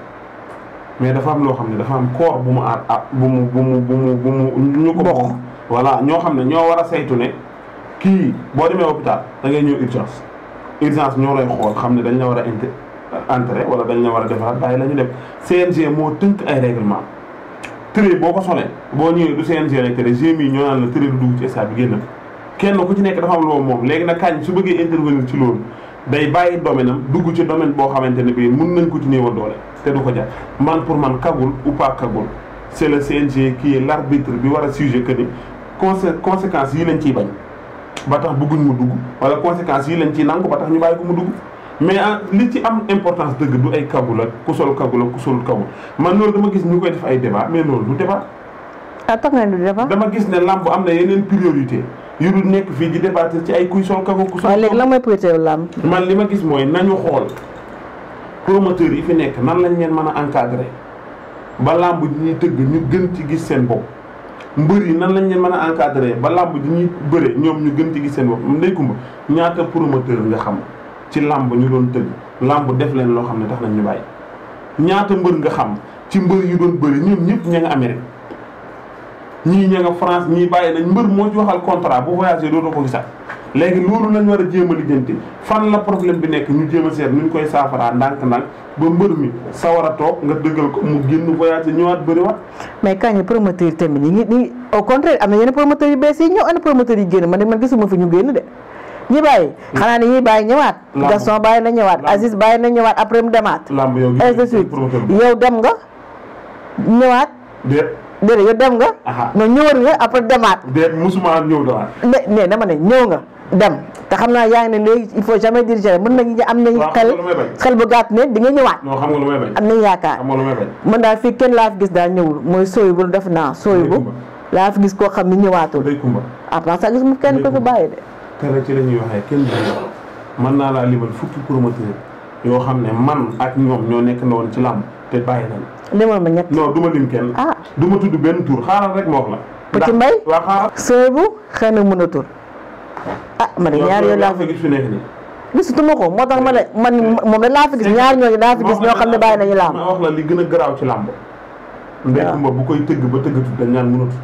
mais dafa am loo xam ne dafa am koor bu mu aar ah bu mu bu mu bu mu ñu ko bokk voilà ñoo xam ne ñoo war a saytu ne kii boo demee hôpital da ngay ñëw urgence urgence ñoo lay xool xam ne dañ la war a inter entré wala dañ la war a defaraat bàyyi la ñu dem CNG moo tënk ay règlement tëree boo ko solee boo ñëwee du CNG rek tere GMI ñoo naan la tëree du dugg ci stade bi génn kenn ku ci nekk dafa am loolu moom léegi na kañ su bëggee intervenir ci loolu day bàyyi domaine am dugg ci domaine boo xamante ne bii mun nañ ko ci néewal doole te du ko jar man pour man kagul ou pas kagul c'est le CNG kii est l'arbitre bi war a sujet que ni conséquences yi lañ ciy bañ ba tax bëgguñ mu dugg wala conséquences yi lañ ciy nangu ba ñu bàyyi ko mu dugg mais ah, li ci am importance dëgg du ay kagul ak ku sol kagul ak ku solul kagul man loolu dama gis ñu koy def ay débat mais loolu du débat. ah tax na du dama gis ne làmb am na yeneen priorité yu dul nekk fii di débattre ci ay kuy sol kagul ku sol. waaw léegi lan mooy priorité làmb. man li ma gis mooy nañu xool promoteurs yi fi nekk nan lañ leen mën a encadrer ba làmb ji ñuy tëgg ñu gën ci gis seen bopp. mbër yi nan lañ leen mën a encadrer ba làmb ji ñuy bëre ñoom ñu gën ci gis seen bopp ndey kumba ñaata promoteur nga xam. ci làmb ñu doon tëgg làmb def leen loo xam ne tax nañ ñu bàyyi ñaata mbër nga xam ci mbër yu doon bëri ñu ñëpp ña nga Amérique ñii ña nga France ñii bàyyi mbër moo ci waxal contrat bu voyagé dootoo ko gisaat léegi loolu lañ war a jéem a lijjanti fan la problème bi nekk ñu jéem a seet nuñ koy saafaraa ndànk-ndànk ba mbër mi sawar a toog nga dëggal ko mu génn voyagé ñëwaat bëriwaat. mais kañ promoteur tamit ñi ngi nii au contraire am na yenn promoteurs yu bees yi ñëw ana promoteur yi génn man de man gisuma fi ñu génn de. ñi bàyyi mm. xanaa ne ñi bàyyi ñëwaat Gaston bàyyi na ñëwaat Aziz bàyyi na ñëwaat après mu demaat ainsi de suite yow dem nga ñëwaat déedéet yow dem nga non ñëwal nga après demaat déet musuma ñëw demaat ne dama ne ñëw nga dem te xam naa yaa ngi ne léegi il faut jamais dire jamais mën nañu am nañu xel xel bu gàtt ne di nga ñëwaat non xam nga lu may bañ am nañ yaakaar man daal fii kenn laa fi gis daal ñëwul mooy sooy bu def naa sooy bu laa fi gis koo xam ni ñëwaatul après ça ah, gis mu kenn ko ko bàyyi de tere ci la ñuy waxee kenn du man naa laa limal fukki promoteur yoo xam ne man ak ñoom ñoo nekk na woon ci làmb te bàyyi nañ limal ma ñett non du lim kenn ah du ma tudd benn tur xaaral rek ma wax la Petit Mbaye waa xaaral sëbu xëy na mën a tur ah ma ne ñaar yooyu laa fa gis ko moo tax ma ne man eh, moom la laa eh, ñaar ñooñu laa fi ñoo xam ne bàyyi nañu làmb ma wax la li gën a garaaw ci làmb ndey kumba bu koy tëgg ba tëggatu dañ naan mënatu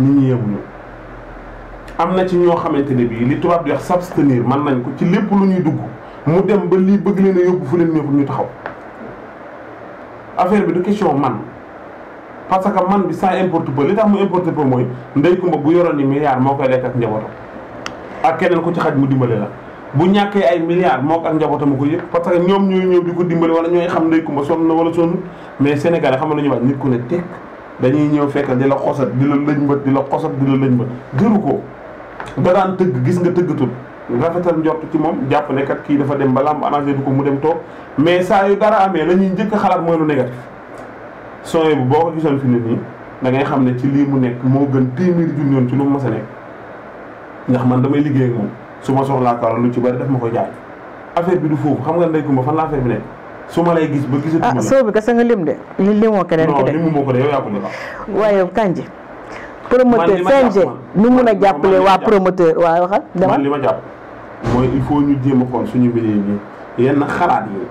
nit ñi yemuñu am na ci ñoo xamante ne bii li tubaab di wax s'abstenir man nañ ko ci lépp lu ñuy dugg mu dem ba lii bëgg leen a yóbbu fu leen neexul ñu taxaw affaire bi du question man parce que man bi saa importe peu li tax mu importe peu mooy ndey kumba bu yoroon ni milliard moo koy lekk ak njabootam ak keneen ku ci xaj mu dimbale la bu ñàkkee ay milliards moo ak njabootam ko yëpp parce ñoom ñooy ñëw di ko dimbale wala ñooy xam ndey kumba sonn na wala sonnut mais Sénégal xam nañu wax nit ku dañuy ñëw fekk di la xosat di la lëñbët di la xosat di la lëñbët jëru ko da daan tëgg gis nga tëggatul rafetal njort ci moom jàpp ne kii dafa dem ba làmb du ko mu dem toog mais saa yu dara amee la ñuy njëkk xalaat mooy lu négatif sooy bu boo ko gisoon fi nit ñi da ngay xam ne ci lii mu nekk moo gën téeméeri junni yoon ci lu ma mës a nekk ndax man damay liggéey moom su ma soxlaa kaw lu ci bari daf ma ko jaay affaire bi du foofu xam nga ndey kumba fan la affaire bi nekk su ma lay gis ba gisatuma la ah soo bi nga lim de li limoo keneen ki de non limu moo ko de yow yaa ko de waaye kanji promoteur CNG nu mun a jàppale waa promoteur waaye waxal dama li ma jàpp mooy il faut ñu jéem a xool suñu mbir yi yenn xalaat yi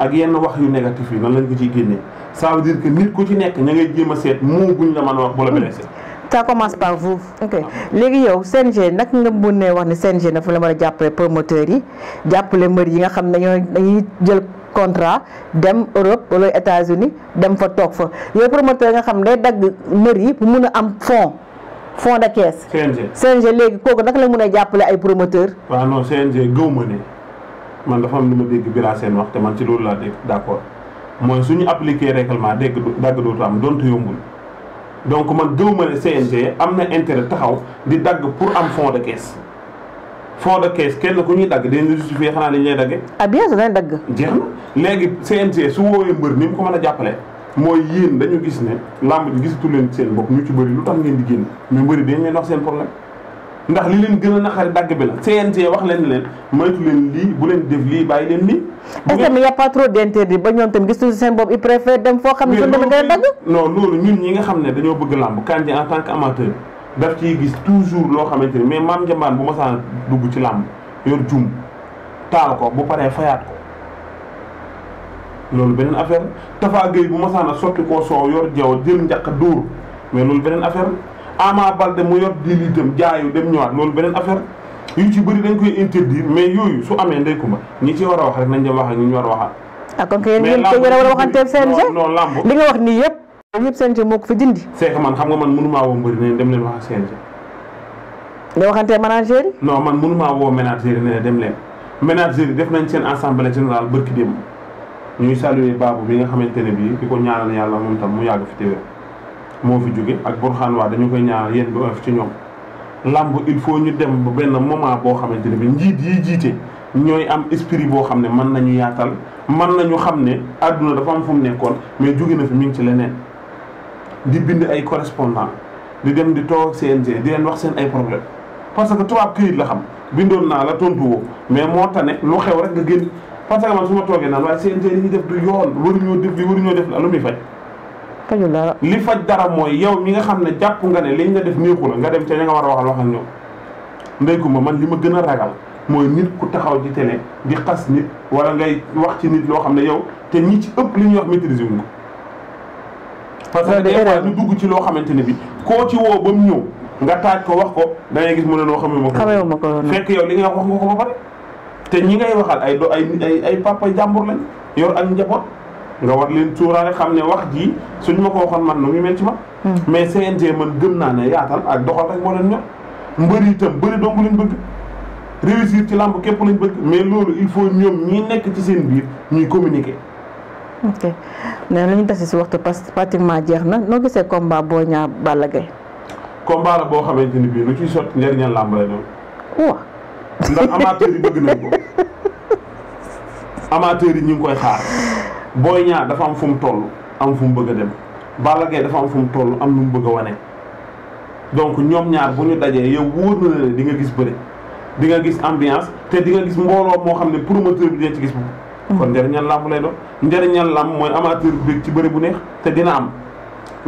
ak yenn wax yu négatif yi nan lañ ko ci génnee ça veut dire nit ku ci nekk ña ngay jéem a seet moo buñ la mën a wax bu la hmm. blessé ça commence par vous ok ah. léegi yow CNG nag nga mun ne wax ne CNG dafa la mën a jàppale promoteur yi jàppale mbër yi nga xam ne dañoo dañuy jël contrat dem Europe wala États-Unis dem fa toog fa yooyu promoteur nga xam ne dagg mbër yi pour mun a am fonds fonds de caisse. CNG CNG léegi kooku naka la mun a jàppale ay promoteur waaw non CNG gëw ma ne man dafa am lu ma dégg Bira Sène wax te man ci loolu laa dégg d'accord mooy suñu appliqué règlement dégg dagg dootu am dont yombul donc man gëw ma ne CNG am na intérêt taxaw di dagg pour am fonds de caisse. fond de caisse kenn ko ñuy dagg dañuy justifié xanaa dañu lay daggee. ah bien sûr dagg. jeex na léegi CNG su woowee mbër ni mu ko mën a jàppale mooy yéen dañu gis ne làmb ji gisatu leen seen bopp ñu ci bëri lu tax ngeen di génn mais mbëri dañ leen wax seen problème ndax li leen gën a naqari dagg bi la CNG wax leen leen moytu leen lii bu leen def lii bàyyi leen lii. est-ce que y a pas trop d'interdit ba ñoom tam gisatu seen bopp ils préfèrent dem foo xam ne. suñu demee nga xam ne dañoo bëgg làmb Kandji en tant que amateur daf ci gis toujours loo xamante ni mais maam njambaan bu ma saan dugg ci làmb yor jum taal ko bu paree fayaat ko loolu beneen affaire Tafa Gueye bu ma saan a sotti koo soow yor jaww jël njaq dóor mais loolu beneen affaire Ama Balde mu yor di liitam jaayu dem ñëwaat loolu beneen affaire yu ci bëri dañ koy interdire mais yooyu su amee ndey kumba ñi ci war a wax rek nañ dem wax ak ñi ñu war a waxaat. ah kon kay yéen a war lamb li nga wax nii yëpp. yëpp CNG moo ko fa dindi. man xam nga man mënumaa woo mbëri ne dem leen wax ak CNG. nga waxantee manager yi. man mënumaa woo manager yi dem leen manager yi def nañ seen assemblée générale bërki démb ñuy saluer Babou bi nga xamante ne bii di ko ñaanal yàlla moom tam mu yàgg fi téwér moo fi jóge ak Bourkhane waa dañu koy ñaanal yéen bi oyof ci ñoom làmb il faut ñu dem ba benn moment boo xamante ne bi njiit yi jiite ñooy am esprit boo xam ne mën nañu yaatal mën nañu xam ne àdduna dafa am fu mu nekkoon mais jóge na fi mi ngi ci leneen di bind ay correspondant di dem di toog CNG di leen wax seen ay problème parce que tubaab këyit la xam bindoon naa la tontu woo mais moo tax ne lu xew rek nga génn parce que man su ma toogee naan waaye CNG li ñuy def du yoon waruñoo def li waruñoo def la lu muy faj. fajul li faj dara mooy yow mi nga xam ne jàpp nga ne liñ la def néexu la nga dem ca ña nga war a waxal waxal ñoom ndey kumba man li ma gën a ragal. mooy nit ku taxaw ci télé di xas nit wala ngay wax ci nit loo xam ne yow te ñi ci ëpp li ñuy wax maîtrise wuñ parce que des fois ñu dugg ci loo xamante ne bi koo ci woo ba ñëw nga taaj ko wax ko da ngay gis mu ne noo xamee ma ko fekk yow li nga wax nga ko ba pare te ñi ngay waxal ay do ay ay ay papa jàmbur lañ yor ak njaboot nga war leen tuuraale xam ne wax jii suñ ma ko waxoon man nu muy mel ci ma hmm. mais CNG man gëm naa ne yaatal ak doxal rek moo leen ñor mbëri itam bëri dong lañ bëgg réussir ci làmb képp lañ bëgg mais loolu il faut ñoom ñii nekk ci seen biir ñuy communiquer ok mais lu ñu dese si waxtu parce que pratiquement jeex na noo gisee combat Boy ñaar Balla Gaye. boo xamante ni bii lu ciy sotti njëriñal làmb lay doon. waaw. ndax amateur yi bëgg nañ ko amateur yi ñu ngi koy xaar booy ñaar dafa am fu mu toll am fu mu bëgg dem Balla Gaye dafa am fu mu toll am lu mu bëgg a wane. donc ñoom ñaar bu ñu dajee yow wóor na ne di nga gis bëri di nga gis ambiance te di nga gis mbooloo moo xam ne promoteur bi dina ci gis bu kon njëriñal làmb lay doon njëriñal làmb mooy amateur bi ci bari bu neex te dina am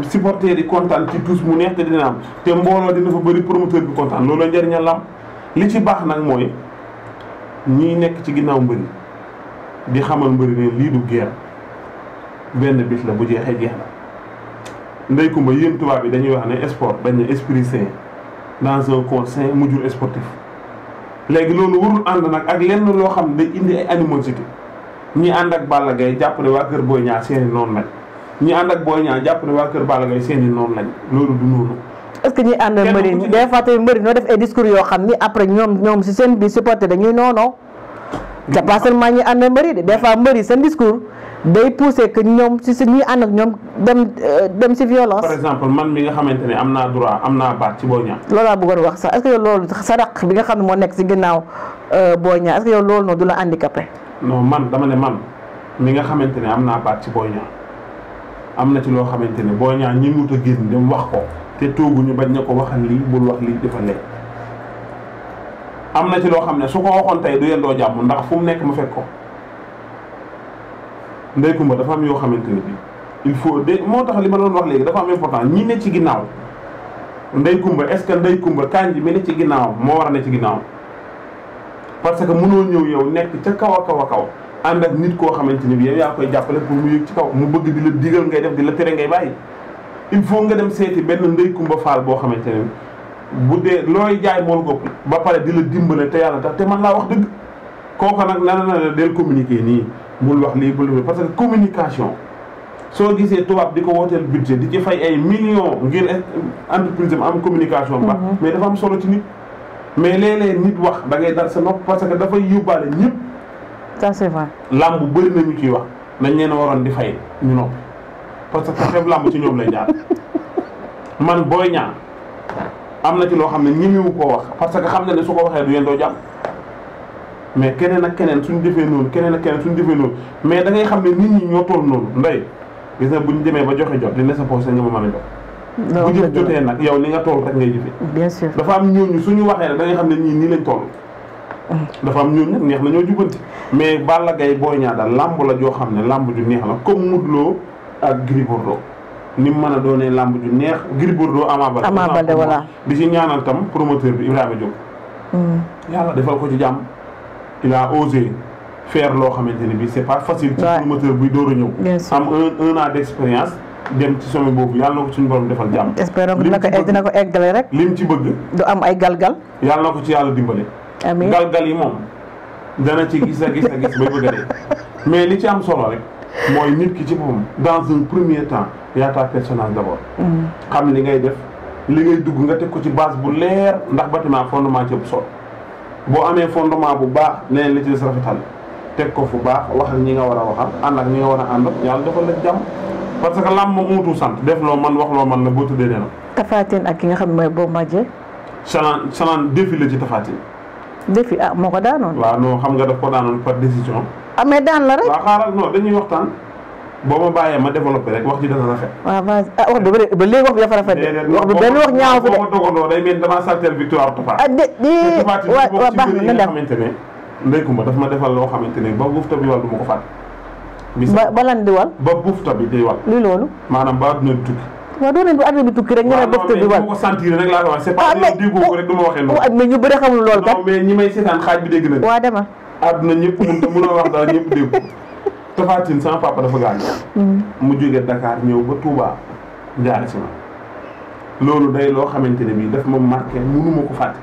supporter yi kontaan ci tous mu neex te dina am te mbooloo dina fa bëri promoteur bi kontaan loolu la njëriñal li ci baax nag mooy ñiy nekk ci ginnaaw mbëri di xamal mbëri ne lii du guerre benn bis la bu jeexee jeex la ndey kumba yéen tubaab bi dañuy wax ne sport dañ ne esprit sain dans un corps sain mu jur sportif léegi loolu warul ànd nag ak lenn loo xam ne day indi ay animosité ñi ànd ak Balla Gaye jàpp ne waa kër Boy Niang seeni noonu lañ ñi ànd ak Boy Niang jàpp ne waa kër Balla Gaye seeni noonu lañ loolu du noonu. est que ñuy ànd mbëri des fois yoo xam ni après ñoom ñoom si seen biir supporter dañuy noonoo te pas seulement ñuy ànd mbëri de des fois mbëri seen discours day pousser que ñoom si si ñuy ànd ak ñoom dem euh, dem si violence. par exemple man mi nga xamante ne am naa droit am naa baat ci Boy Niang. loolu laa bëggoon wax sax est-ce que yow loolu sadaq bi nga xam ne moo nekk si ginnaaw euh, Boy Niang que yow loolu noonu du la handicapé. non man dama ne man mi nga xamante ne am naa baat ci Boy Niang am na ci loo xamante ne Boy Niang ñi mut gis génn dem wax ko te tooguñu bañ na ko waxal lii bul wax lii dafa nekk am na ci loo xam ne su ko waxoon tey du yendoo jàmm ndax fu mu nekk ma fekk ko Ndeye Coumba dafa am yoo xamante ne bii il faut de moo tax li ma doon wax léegi dafa am important ñi ne ci ginnaaw Ndeye Coumba est-ce que Ndeye Coumba Kandji mi ne ci ginnaaw moo war a ne ci ginnaaw parce que mënoo ñëw yow nekk ca kaw a kaw a kaw ànd ak nit koo xamante ni bi yow yaa koy jàppale pour mu yëg ci kaw mu bëgg di la digal ngay def di la tere ngay bàyyi il faut nga dem seeti benn ndey kumba faal boo xamante ne bu dee looy jaay mool gopp ba pare di la dimbale te yàlla tax te man laa wax dëgg kooka nag nana na la del communiquer nii bul wax lii bul parce que communication soo gisee tubaab di ko wooteel budget di ci fay ay millions ngir entreprise am communication ba mm-hmm. mais dafa am solo ci nit mais léeg-léeg nit wax da ngay dal sa nopp parce que dafay yóbbaale ñëpp. ça c'est vrai. làmb bu bëri na ñu ciy wax nañ leen waroon di fay ñu nopp parce que xeeb làmb ci ñoom lay jaar man booy ñaan am na ci loo xam ne ñemewu koo wax parce que xam na ne su ko waxee du yéen doo jàpp mais keneen ak keneen suñu defee noonu keneen ak keneen suñu defee noonu mais da ngay xam ne nit ñi ñoo toll noonu ndey gis nga bu ñu demee ba joxe jot li ne sa poche nga ma mën a jox. loolu bu jëm jotee nag yow li nga tool rek ngay jëfe bien sûr dafa am ñooñu suñu waxee rek da nga xam ne ñii nii lañ toll. Ah. dafa am ñooñu nag neex na ñoo jubanti. mais bala Gaye Boy Niang daal làmb la joo xam ne làmb ju neex na comme Modou Lo ak Gris ni mu mën a doonee làmb ju neex Gris Bordeaux Ama Baldé. Ama Baldé di ci ñaanal tam promoteur bi Ibrahima Diop. Hmm. yàlla defal ko ci jàmm il a osé. loo xamante ne bi c'est pas facile. ci promoteur buy door a ñëw. am un dem ci sommet boobu yàlla na ko suñu borom defal jàmm. espérons dina ko dina ko eggale rek. lim ci bëgg. du am ay galgal. yàlla na ko ci yàlla dimbale. amiin galgal yi moom dana ci gis a gis a gis bay bëgg a *laughs* mais li ci am solo rek mooy nit ki ci boppam dans un premier temps yaa ta personnage d'abord. Mm-hmm. xam li ngay def li ngay dugg nga teg ko ci baas bu leer ndax bâtiment fondement ci bu sol boo amee fondement bu baax leneen li ci des rafetal teg ko fu baax wax ñi nga war a waxal ànd ak ñi war a ànd yàlla defal la jàmm. parce que làmb moom amatul sant def loo man wax loo man la boo tuddee nee na. ak ki nga xam ne mooy Bombardier. Salaan Salaan défi la ci Tafatine. défi ah moo ko daanoon. waaw non xam nga daf ko daanoon par décision. ah mais daan la rek. waaw xaaral non dañuy waxtaan. boo ma bàyyee ma développé rek wax ji dana rafet. waaw vas ah ba léegi wax ñaaw fi de. boo ma dogandoo day mel damaa saltel victoire Tafa. ah de de waaw waaw baax nga def xamante ne. ndeykum ma daf ma defal loo xamante ne ba guuf tamit wàllu ma ko ba ba lan di wal. ba bufta bi di wal. loolu. maanaam ba adduna bi tukki. waaw doo leen ba bi tukki rek. ñu ne bufta bi wal waaw ko sentir rek laa ko wax. c'est pas ah, ko rek du ma waxee loolu. mais ñu bëri xamul bi dégg nañu. waaw dama. ñëpp mënut a mënoo wax ñëpp dégg ko. Tapha Tine sama papa dafa hmm. mu jógee Dakar ñëw ba Touba njaare si ma. loo xamante ne bii daf ma marqué mënu ma ko fàtte.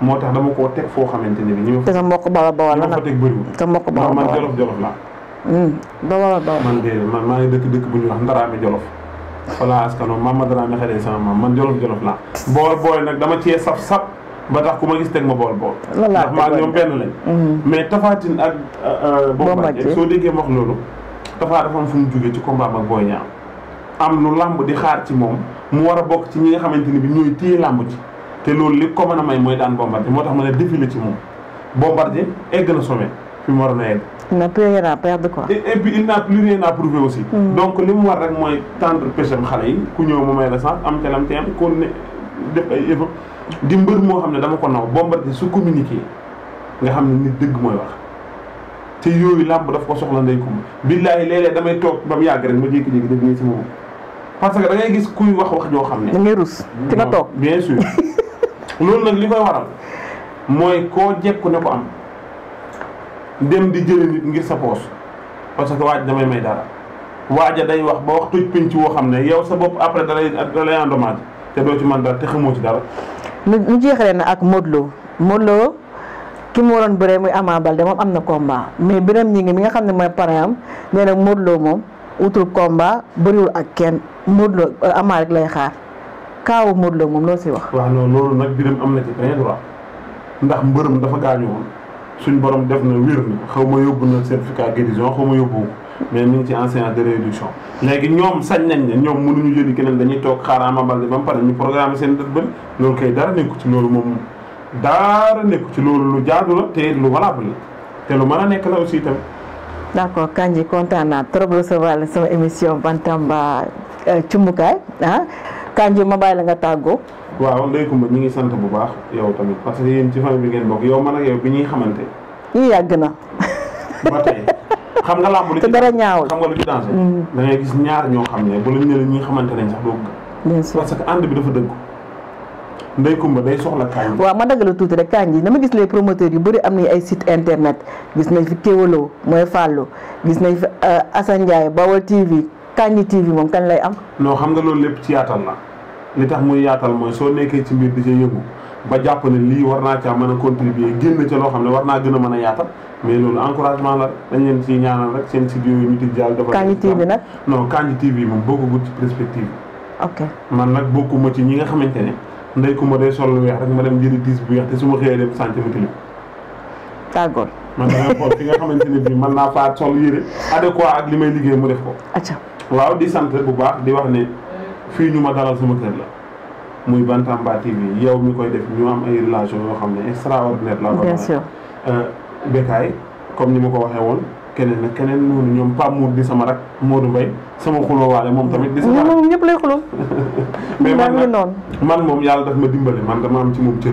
moo tax dama koo teg foo xamante ne bii. ñu te mbokk bawal bawal la nag man jolof jolof laa Hmm, dawal a dawal. man de man maa ngi dëkk dëkk bu ñuy wax Ndaraame Jolof. voilà askan wi maam ma Ndaraame xale sama maam man Jolof Jolof laa. bool bool nag dama cee saf saf ba tax ku ma gis teg ma bool la ndax maa ñoom benn lañ. Hmm. mais tafaatin ak. Euh, euh, Bombardier soo déggee ma wax loolu. tafaa dafa am fu mu jugee ci combat ak Boy Niang am lu làmb di xaar ci moom mu war a bokk ci ñi nga xamante ni bi ñooy téye làmb ci te loolu li ko mën a may mooy daan Bombardier moo tax ma ne défilé ci moom Bombardier egg na sommet. fi mu waroon a yegg. na plus rien à perdre quoi. il n'a plus mm. li mu war rek mooy tendre pêche xale yi ku ñëw mu may la sax am ca lam tey am ay effort moo xam ne dama ko naw Bombardier su communiqué nga xam ne nit dëgg mooy wax. te yooyu làmb daf ko soxla ndey ko billaahi léeg damay toog ba mu yàgg rek ma jékki-jékki def nii si moom parce que da ngay gis kuy wax wax joo xam ne. da ngay rus ci toog bien sûr. *laughs* loolu nag li koy waral mooy koo jekku ne ko am. dem di jëli nit ngir sa poos parce que waaj damay may dara waaja day wax ba wax pinc woo xam ne yow sa bopp après dalay dalay endommage te doo ci man dara te xamoo ci dara. ñu ñu jeexalee na ak Modou Lo Modou Lo ki mu waroon bëree moom am na combat mais Birame Gningue mi nga xam ne mooy parrain am nee na Modou Lo moom utul combat ak kenn Modou Lo euh, Ama lay xaar kaawu Modou Lo moom loo siy wax. waaw non loolu nag Birame am na ci benn droit ndax mbërëm dafa gaañu woon suñ borom def na wér na xaw ma yóbbu na certificat guérison xaw ma yóbbu mais mi ngi ci en séance de réduction léegi ñoom sañ nañ ne ñoom mënuñu jëli keneen dañuy toog xaar Ama Baldé ba mu pare ñu programme seen dët bëri loolu kay dara nekku ci loolu moom dara nekku ci loolu lu jaar jaadu la te lu valable la te lu man a nekk la aussi tamit. d' accord Kandji kontaan naa trop recevoir la sama émission ba Cumbukaay euh, ah Kandji ma bàyyi la nga tàggoo. waaw Ndeye Coumba ñu ngi sant bu baax yow tamit parce que yéen ci famille bi ngeen bokk yow man ak yow bi ñuy xamante. yii yàgg na. ba xam nga làmb li *laughs* ci dara ñaawul xam nga lu ci mm. gis ñaar ñoo xam ne bu lañ ne la xamante nañ sax doo bien sûr parce que ànd bi dafa dëgg. Ndeye Coumba day soxla kaañ. waaw ma dagg dagala tuuti rek kaañ yi dama gis les promoteurs yu bëri am nañu ay sit internet gis nañ fi Kéwalo mooy Fallou gis nañ fi euh, Assane Ndiaye Bawol TV Kandji TV moom kañ lay am. noo xam nga loolu lépp ci yaatal la li tax muy yaatal mooy soo nekkee ci mbir di ca yëngu ba jàpp lii war naa caa mën a contribuer génn ca loo xam ne war naa gën a mën a yaatal mais loolu encouragement la dañ leen ciy ñaanal rek seen studio yi ñu tijji dafa Kandji TV nag non Kandji TV ci man ñi nga xamante ne ndey ku ma day sol lu weex rek ma dem jëri diis bu weex te su ma xëyee dem ma tilim d'accord nga xamante ne bii mën naa faa sol yére adéquat ak li may liggéey mu def ko acca waaw di sant bu baax di wax ne fii ñu ma dalal sama kër la muy Bantamba TV yow mi koy def ñu am ay relation yoo xam ne extraordinaire la bien sûr euh, Bécaye comme ni ma ko waxee woon keneen nag keneen noonu ñoom Pape Mour di sama rak Modou Mbaye sama xuloo waale moom tamit di ma moom ñëpp lay xuloo *laughs* mais man noonu man moom yàlla daf ma dimbale man dama am ci moom cër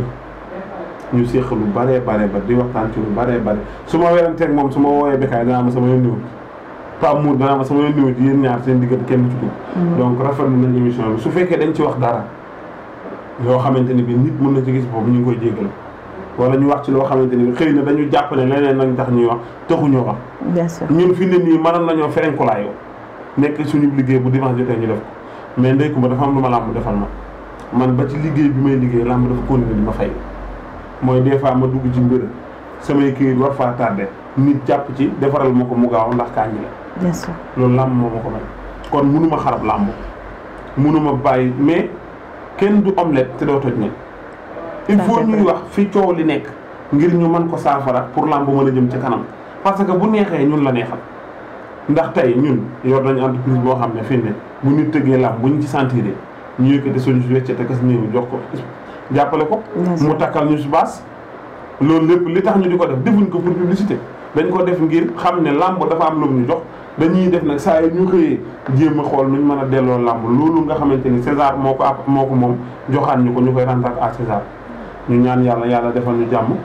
ñu séq lu bare bare ba di waxtaan ci lu bare bare su ma weranteeg moom su ma woowee Bécaye danaa ma sama yónni woon Pape Mour danaa ma sama yoon ñëw ci yéen ñaar seen diggante kenn ci dugg. Mm-hmm. donc rafetlu nañ émission bi su fekkee dañ ci wax dara yoo xamante ni bi nit mën na ci gis boobu ñu ngi koy jéggal wala ñu wax ci loo xamante ni xëy na dañu jàpp ne leneen nañ tax ñuy wax taxuñoo wax. bien sûr ñun fi ne nii mënoon nañoo fereñkulaayoo nekk suñu liggéey bu dimanche jotee ñu def ko mais ndeyku ma dafa am lu ma làmb defal ma man ba ci liggéey bi may liggéey làmb dafa continuer ma fay mooy des fois ma dugg ci mbir samay kii war faa tardé nit jàpp ci defaral ma ko mu gaaw ndax kànji la. bien sûr loolu làmb moo ma ko may. kon munuma xarab làmb munuma bàyyi mais kenn du omelette te doo toj ne. il faut ñuy wax fi coow li nekk ngir ñu mën ko saafara pour làmb mën a jëm ci kanam parce que bu neexee ñun la neexal ndax tey ñun yor nañu entreprise boo xam ne fii bu ñu tëggee làmb bu ñu ci sentiré ñu yëkkati suñu weccet ak as néew jox ko jàppale ko. mu takkal ñu si baas. loolu lépp li tax ñu di ko def defuñ ko pour publicité dañ ko def ngir xam ne làmb dafa am lu ñu jox dañuy def nag saa yi ñu xëyee jéem a xool nuñ mën a delloo làmb loolu nga xamante ni César moo ko ak moo ko moom joxaat ñu ko ñu koy rendre à César ñu ñaan yàlla yàlla defal ñu jàmm.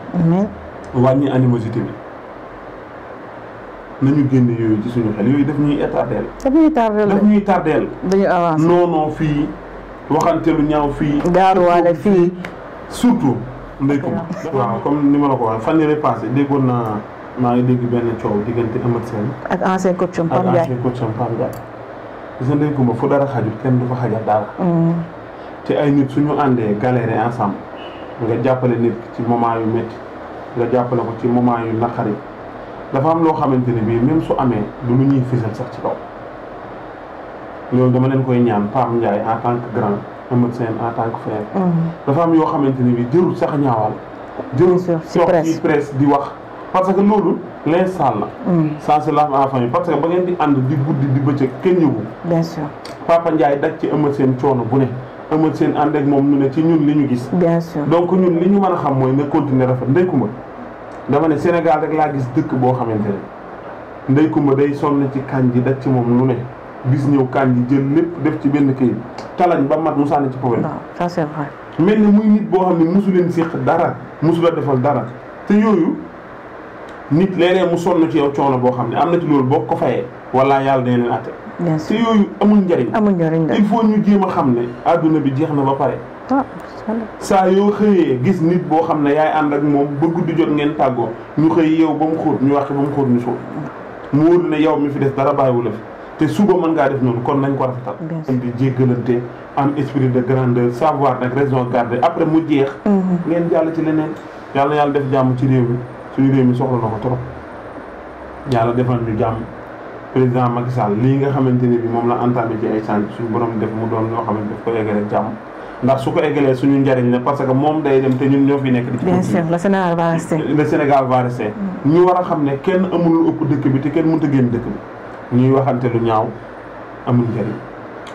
wàññi animosité bi. nañu génn yooyu ci suñu xel yooyu daf ñuy tardeel. daf ñuy tardeel daf ñuy tardeel. dañuy fii waxante lu ñaaw fii. gaaruwaale fii surtout. Ndeye Comba waaw comme ni ma la ko waxee fan yële passé déggoon naa maa ngi dégg benn coow diggante Amath Sène ak ancien coach am Pape Ndiaye ak ancien coach am Pape Ndiaye gis fu dara xajul kenn du fa xajal daal mm. te ay nit suñu àndee galéré ensemble nga jàppale nit ci moment yu métti nga jàppale ko ci moment yu naqari dafa am loo xamante ne bii même su amee du lu ñuy fisal sax ci kaw loolu dama leen koy ñaan Pape Ndiaye en tant que grand Eumeu Sène en tant que frère. Mm. dafa am yoo xamante ni bi jërul sax ñaawal. jërul toog ci presse di wax. parce que loolu l'instant la. Mm. sens la en yi parce que ba ngeen di ànd di guddi di bëccëg kenn ñëwul. bien sûr Papa Ndiaye daj ci Eumeu seen coono bu ne. Eumeu Sène ànd ak moom ñu ne ci ñun li ñu gis. bien sûr donc ñun li ñu mën a xam mooy na continuer rafet Ndeye Coumba dama ne Sénégal rek laa gis dëkk boo xamante ne Ndeye Coumba day sonn ci kañ ji daj ci moom bis ñëw kaañ yi jël lépp def ci benn kayit talañ ba mat mu sànni ci poubelle. ça c'est vrai. mel ni muy nit boo xam ne mosu leen séq dara mosu la defal dara te yooyu nit léeg-léeg mu sonn ci yow coono boo xam ne am na ci loolu boo ko fayee wala yàlla day leen yooyu amul njëriñ. amul njëriñ il faut ñu jéem a xam ne àdduna bi jeex na ba pare. ah saa yoo xëyee gis nit boo xam ne yaay ànd ak moom ba guddi jot ngeen tàggoo ñu xëy yow ba mu xóot ñu wax ba mu xóot ñu suul mm. mu wóor ne yow mi fi des dara bàyyiwu la fi te suba mën ngaa def noonu kon nañ ko rafetal. am di jéggalante am esprit de grandeur savoir nag raison garder après mu jeex. Mhm. ngeen jàll ci leneen. yàlla yàlla def jàmm ci réew mi suñu réew mi soxla na ko trop yàlla defal ñu jàmm président Macky Sall lii nga xamante ne moom la entamé ci ay sant suñu borom def mu doon loo xamante daf ko eggale jàmm ndax su ko eggalee suñu njariñ la parce que moom day dem te ñun ñoo fi nekk. di bien sûr le Sénégal va rester. Sénégal va rester. Mm. ñu war a xam ne kenn amul ëpp dëkk bi te kenn mënut a génn dëkk bi. ñuy waxante lu ñaaw amul njëriñ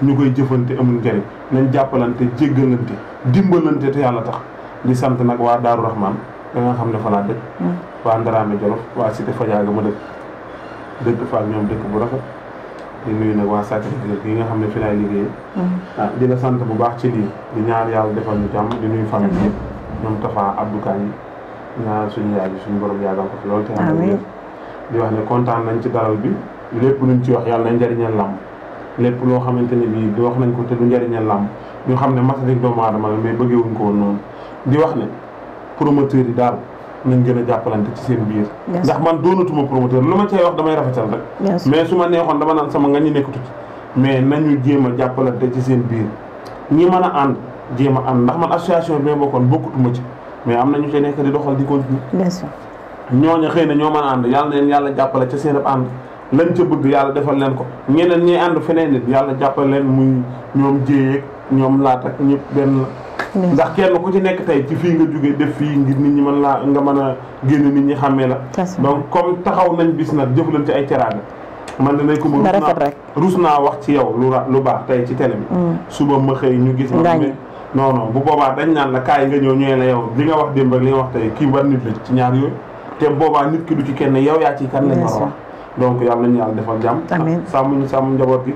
ñu koy jëfante amul njëriñ nañ jàppalante jéggalante dimbalante te yàlla tax di sant nag waa Daaru Rahman da xam ne fa de dëkk mm. waa Ndaraame Jolof waa Cité Fadiaga ma dëkk dëkk fa ñoom dëkk bu rafet di nuyu waa Sacré yi nga xam ne fi laay liggéey mm. ah sant bu baax ci lii di ñaar yàlla defal ñu jàmm di nuyu famille yëpp ñoom Tafa Abdou Kañ ñaar suñu yaay bi suñu borom yàggal ko fi loolu te di wax ne kontaan nañ ci dalal bi lépp luñ ci wax yàlla na njëriñal làmb lépp loo xamante ne bii wax nañ ko te du njëriñal làmb ñu xam ne matériel doomu aadama la mais bëggewuñ ko woon noonu di wax ne promoteur yi daal nañ gën a jàppalante ci seen biir ndax man doonatuma promoteur lu ma cay wax damay rafetal rek mais su ma neexoon dama naan sama nga ñu nekkatu ci mais nañu jéem a jàppalante ci seen biir ñi mën a ànd jéem a ànd ndax man association bi ma bokkoon bokkutuma ci mais am na ñu ca nekk di doxal di continuer ñooñu xëy na ñoo mën a ànd yàlla na yàlla jàppale ca seen ab ànd lañ ca bëgg yàlla defal leen ko ñeneen ñi ànd feneen it yàlla jàppal leen muy ñoom jéyeeg ñoom laat ak ñëpp benn ndax kenn ku ci nekk tey ci fii nga jógee def fii ngir nit ñi mën laa nga mën a génn nit ñi xàmmee la donc comme taxaw nañ bis nag ci ay teraanga man danañ ko ma rus naa wax ci yow lu lu baax tey ci télé bi mm. suba ma xëy ñu gis ma non non bu boobaa dañ naan la kaay nga ñëw ñëwee la yow li nga wax démb ak li nga wax tey kii war nit ci ñaar yooyu te boobaa nit ki du ci kenn yow yaa ci kan lañ donc yàlla ñu yàlla defal jàmm. amiin sàmm ñu sàmm njaboot gi.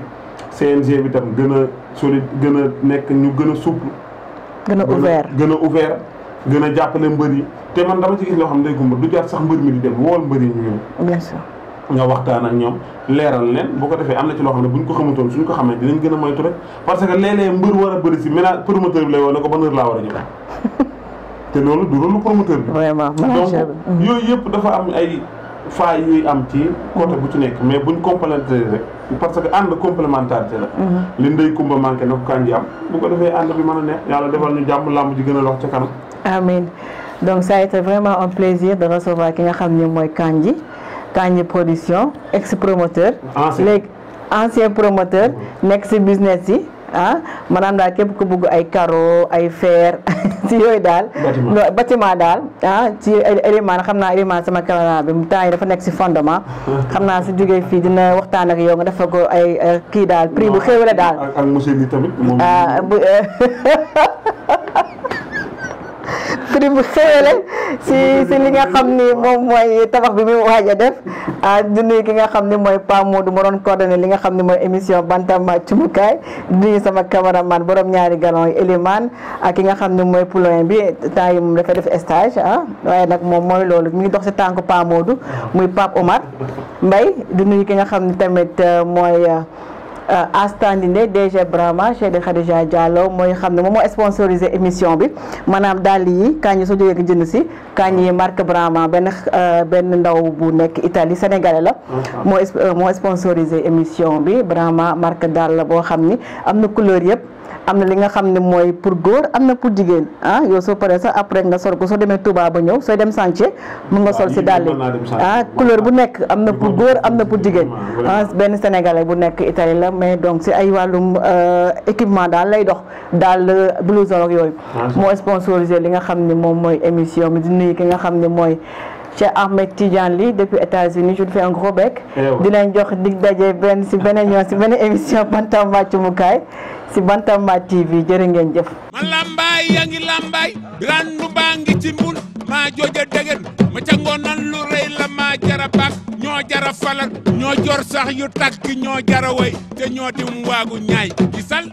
CNG bi tam gën a solide gën a nekk ñu gën a suub gën a ouvert gën a ouvert. gën a jàppale mbër yi te man dama ci loo xam ne day gumba du jaar sax mbër mi di dem wool mbër yi ñu ñëw. bien sûr. nga waxtaan ak ñoom leeral leen bu ko defee am na ci loo xam ne buñ ko xamantoon suñ ko xamee dinañ gën a moytu rek parce que léeg-léeg mbër war a si ménage promoteur lay woo ne ko ban heure laa war a ñëw *laughs* te loolu du rôle promoteur faay yuy am ci côté bu ci nekk mais buñ complémenté rek parce que ànd complémentarité la mm-hmm. li ndey kumba manqué na ko kanji am bu ko defee ànd bi mën a neex yàlla defal ñu jàmm làmb ji gën a dox ca amin donc ça été vraiment un plaisir de recevoir ki nga xam ne mooy kanji kanji production ex promoteur léegi ancien promoteur mm-hmm. nekk si business yi ah maanaam daal képp ku bugg ay carreau ay fer *laughs* ci yooyu daal. bâtiment daal ah ci élément xam naa élément sama caméra bi temps yi dafa nekk si fondement. *laughs* xam naa si jógee fii dina waxtaan ak yow nga dafa ko ay kii daal prix bu xéwale daal. *laughs* ko di bu xewele si si li nga xam ni moom mooy tabax bi muy waaj a def ah, di nuyu ki nga xam ni mooy Pa Modou ma doon coordonné li nga xam ni mooy émission banta Bantamba Cumukaay di nuyu sama kamara man borom ñaari galon yi Elimane ak ki nga xam ni mooy poulain bi temps yi moom dafay def stage ah waaye nag moom mooy loolu mi ngi dox si tànk Pa Modou muy Pape Omar Mbaye di nuyu ki nga xam ni tamit euh, mooy euh, Euh, Asta Ndine DG Brahma Cheikh Khadija Diallo mooy xam ne moom moo sponsorisé émission bi maanaam dàll yi kañ soo jógee jënd si kañ yi marque Brahma benn euh, benn ndaw bu nekk itali sénégalais la. moo euh, moo émission bi Brahma marque dàll boo xam ni am na couleur yëpp. am na li nga xam ne mooy pour góor am na pour jigéen ah yow soo paree sax après nga sol ko soo demee Touba ba ñëw sooy dem chantier mu nga ah, sol si dàll ah couleur bu nekk am na pour góor am na pour jigéen ah benn sénégalais bu nekk Italie la mais donc si ay wàllum euh, équipement daal lay dox daal blouson ak yooyu ah, moo sponsorisé li nga xam ne moom mooy émission bi di ki nga xam ne mooy Cheikh Ahmed Tidiane Ly depuis États-Unis je lui fais un gros bec eh dinañ jox dig daje si beneen ñoon si beneen émission Bantamba banta Bantamba TV jërë ngeen jëf. ma lambaay yaa ngi lambaay. birandu baa ngi ci mbul. maa jooja degen ma ca ngoonan lu rëy la maa jara baax ñoo jara falal ñoo jor sax yu tàkk ñoo jara way te ñoo di mu waagu ñaay gisal.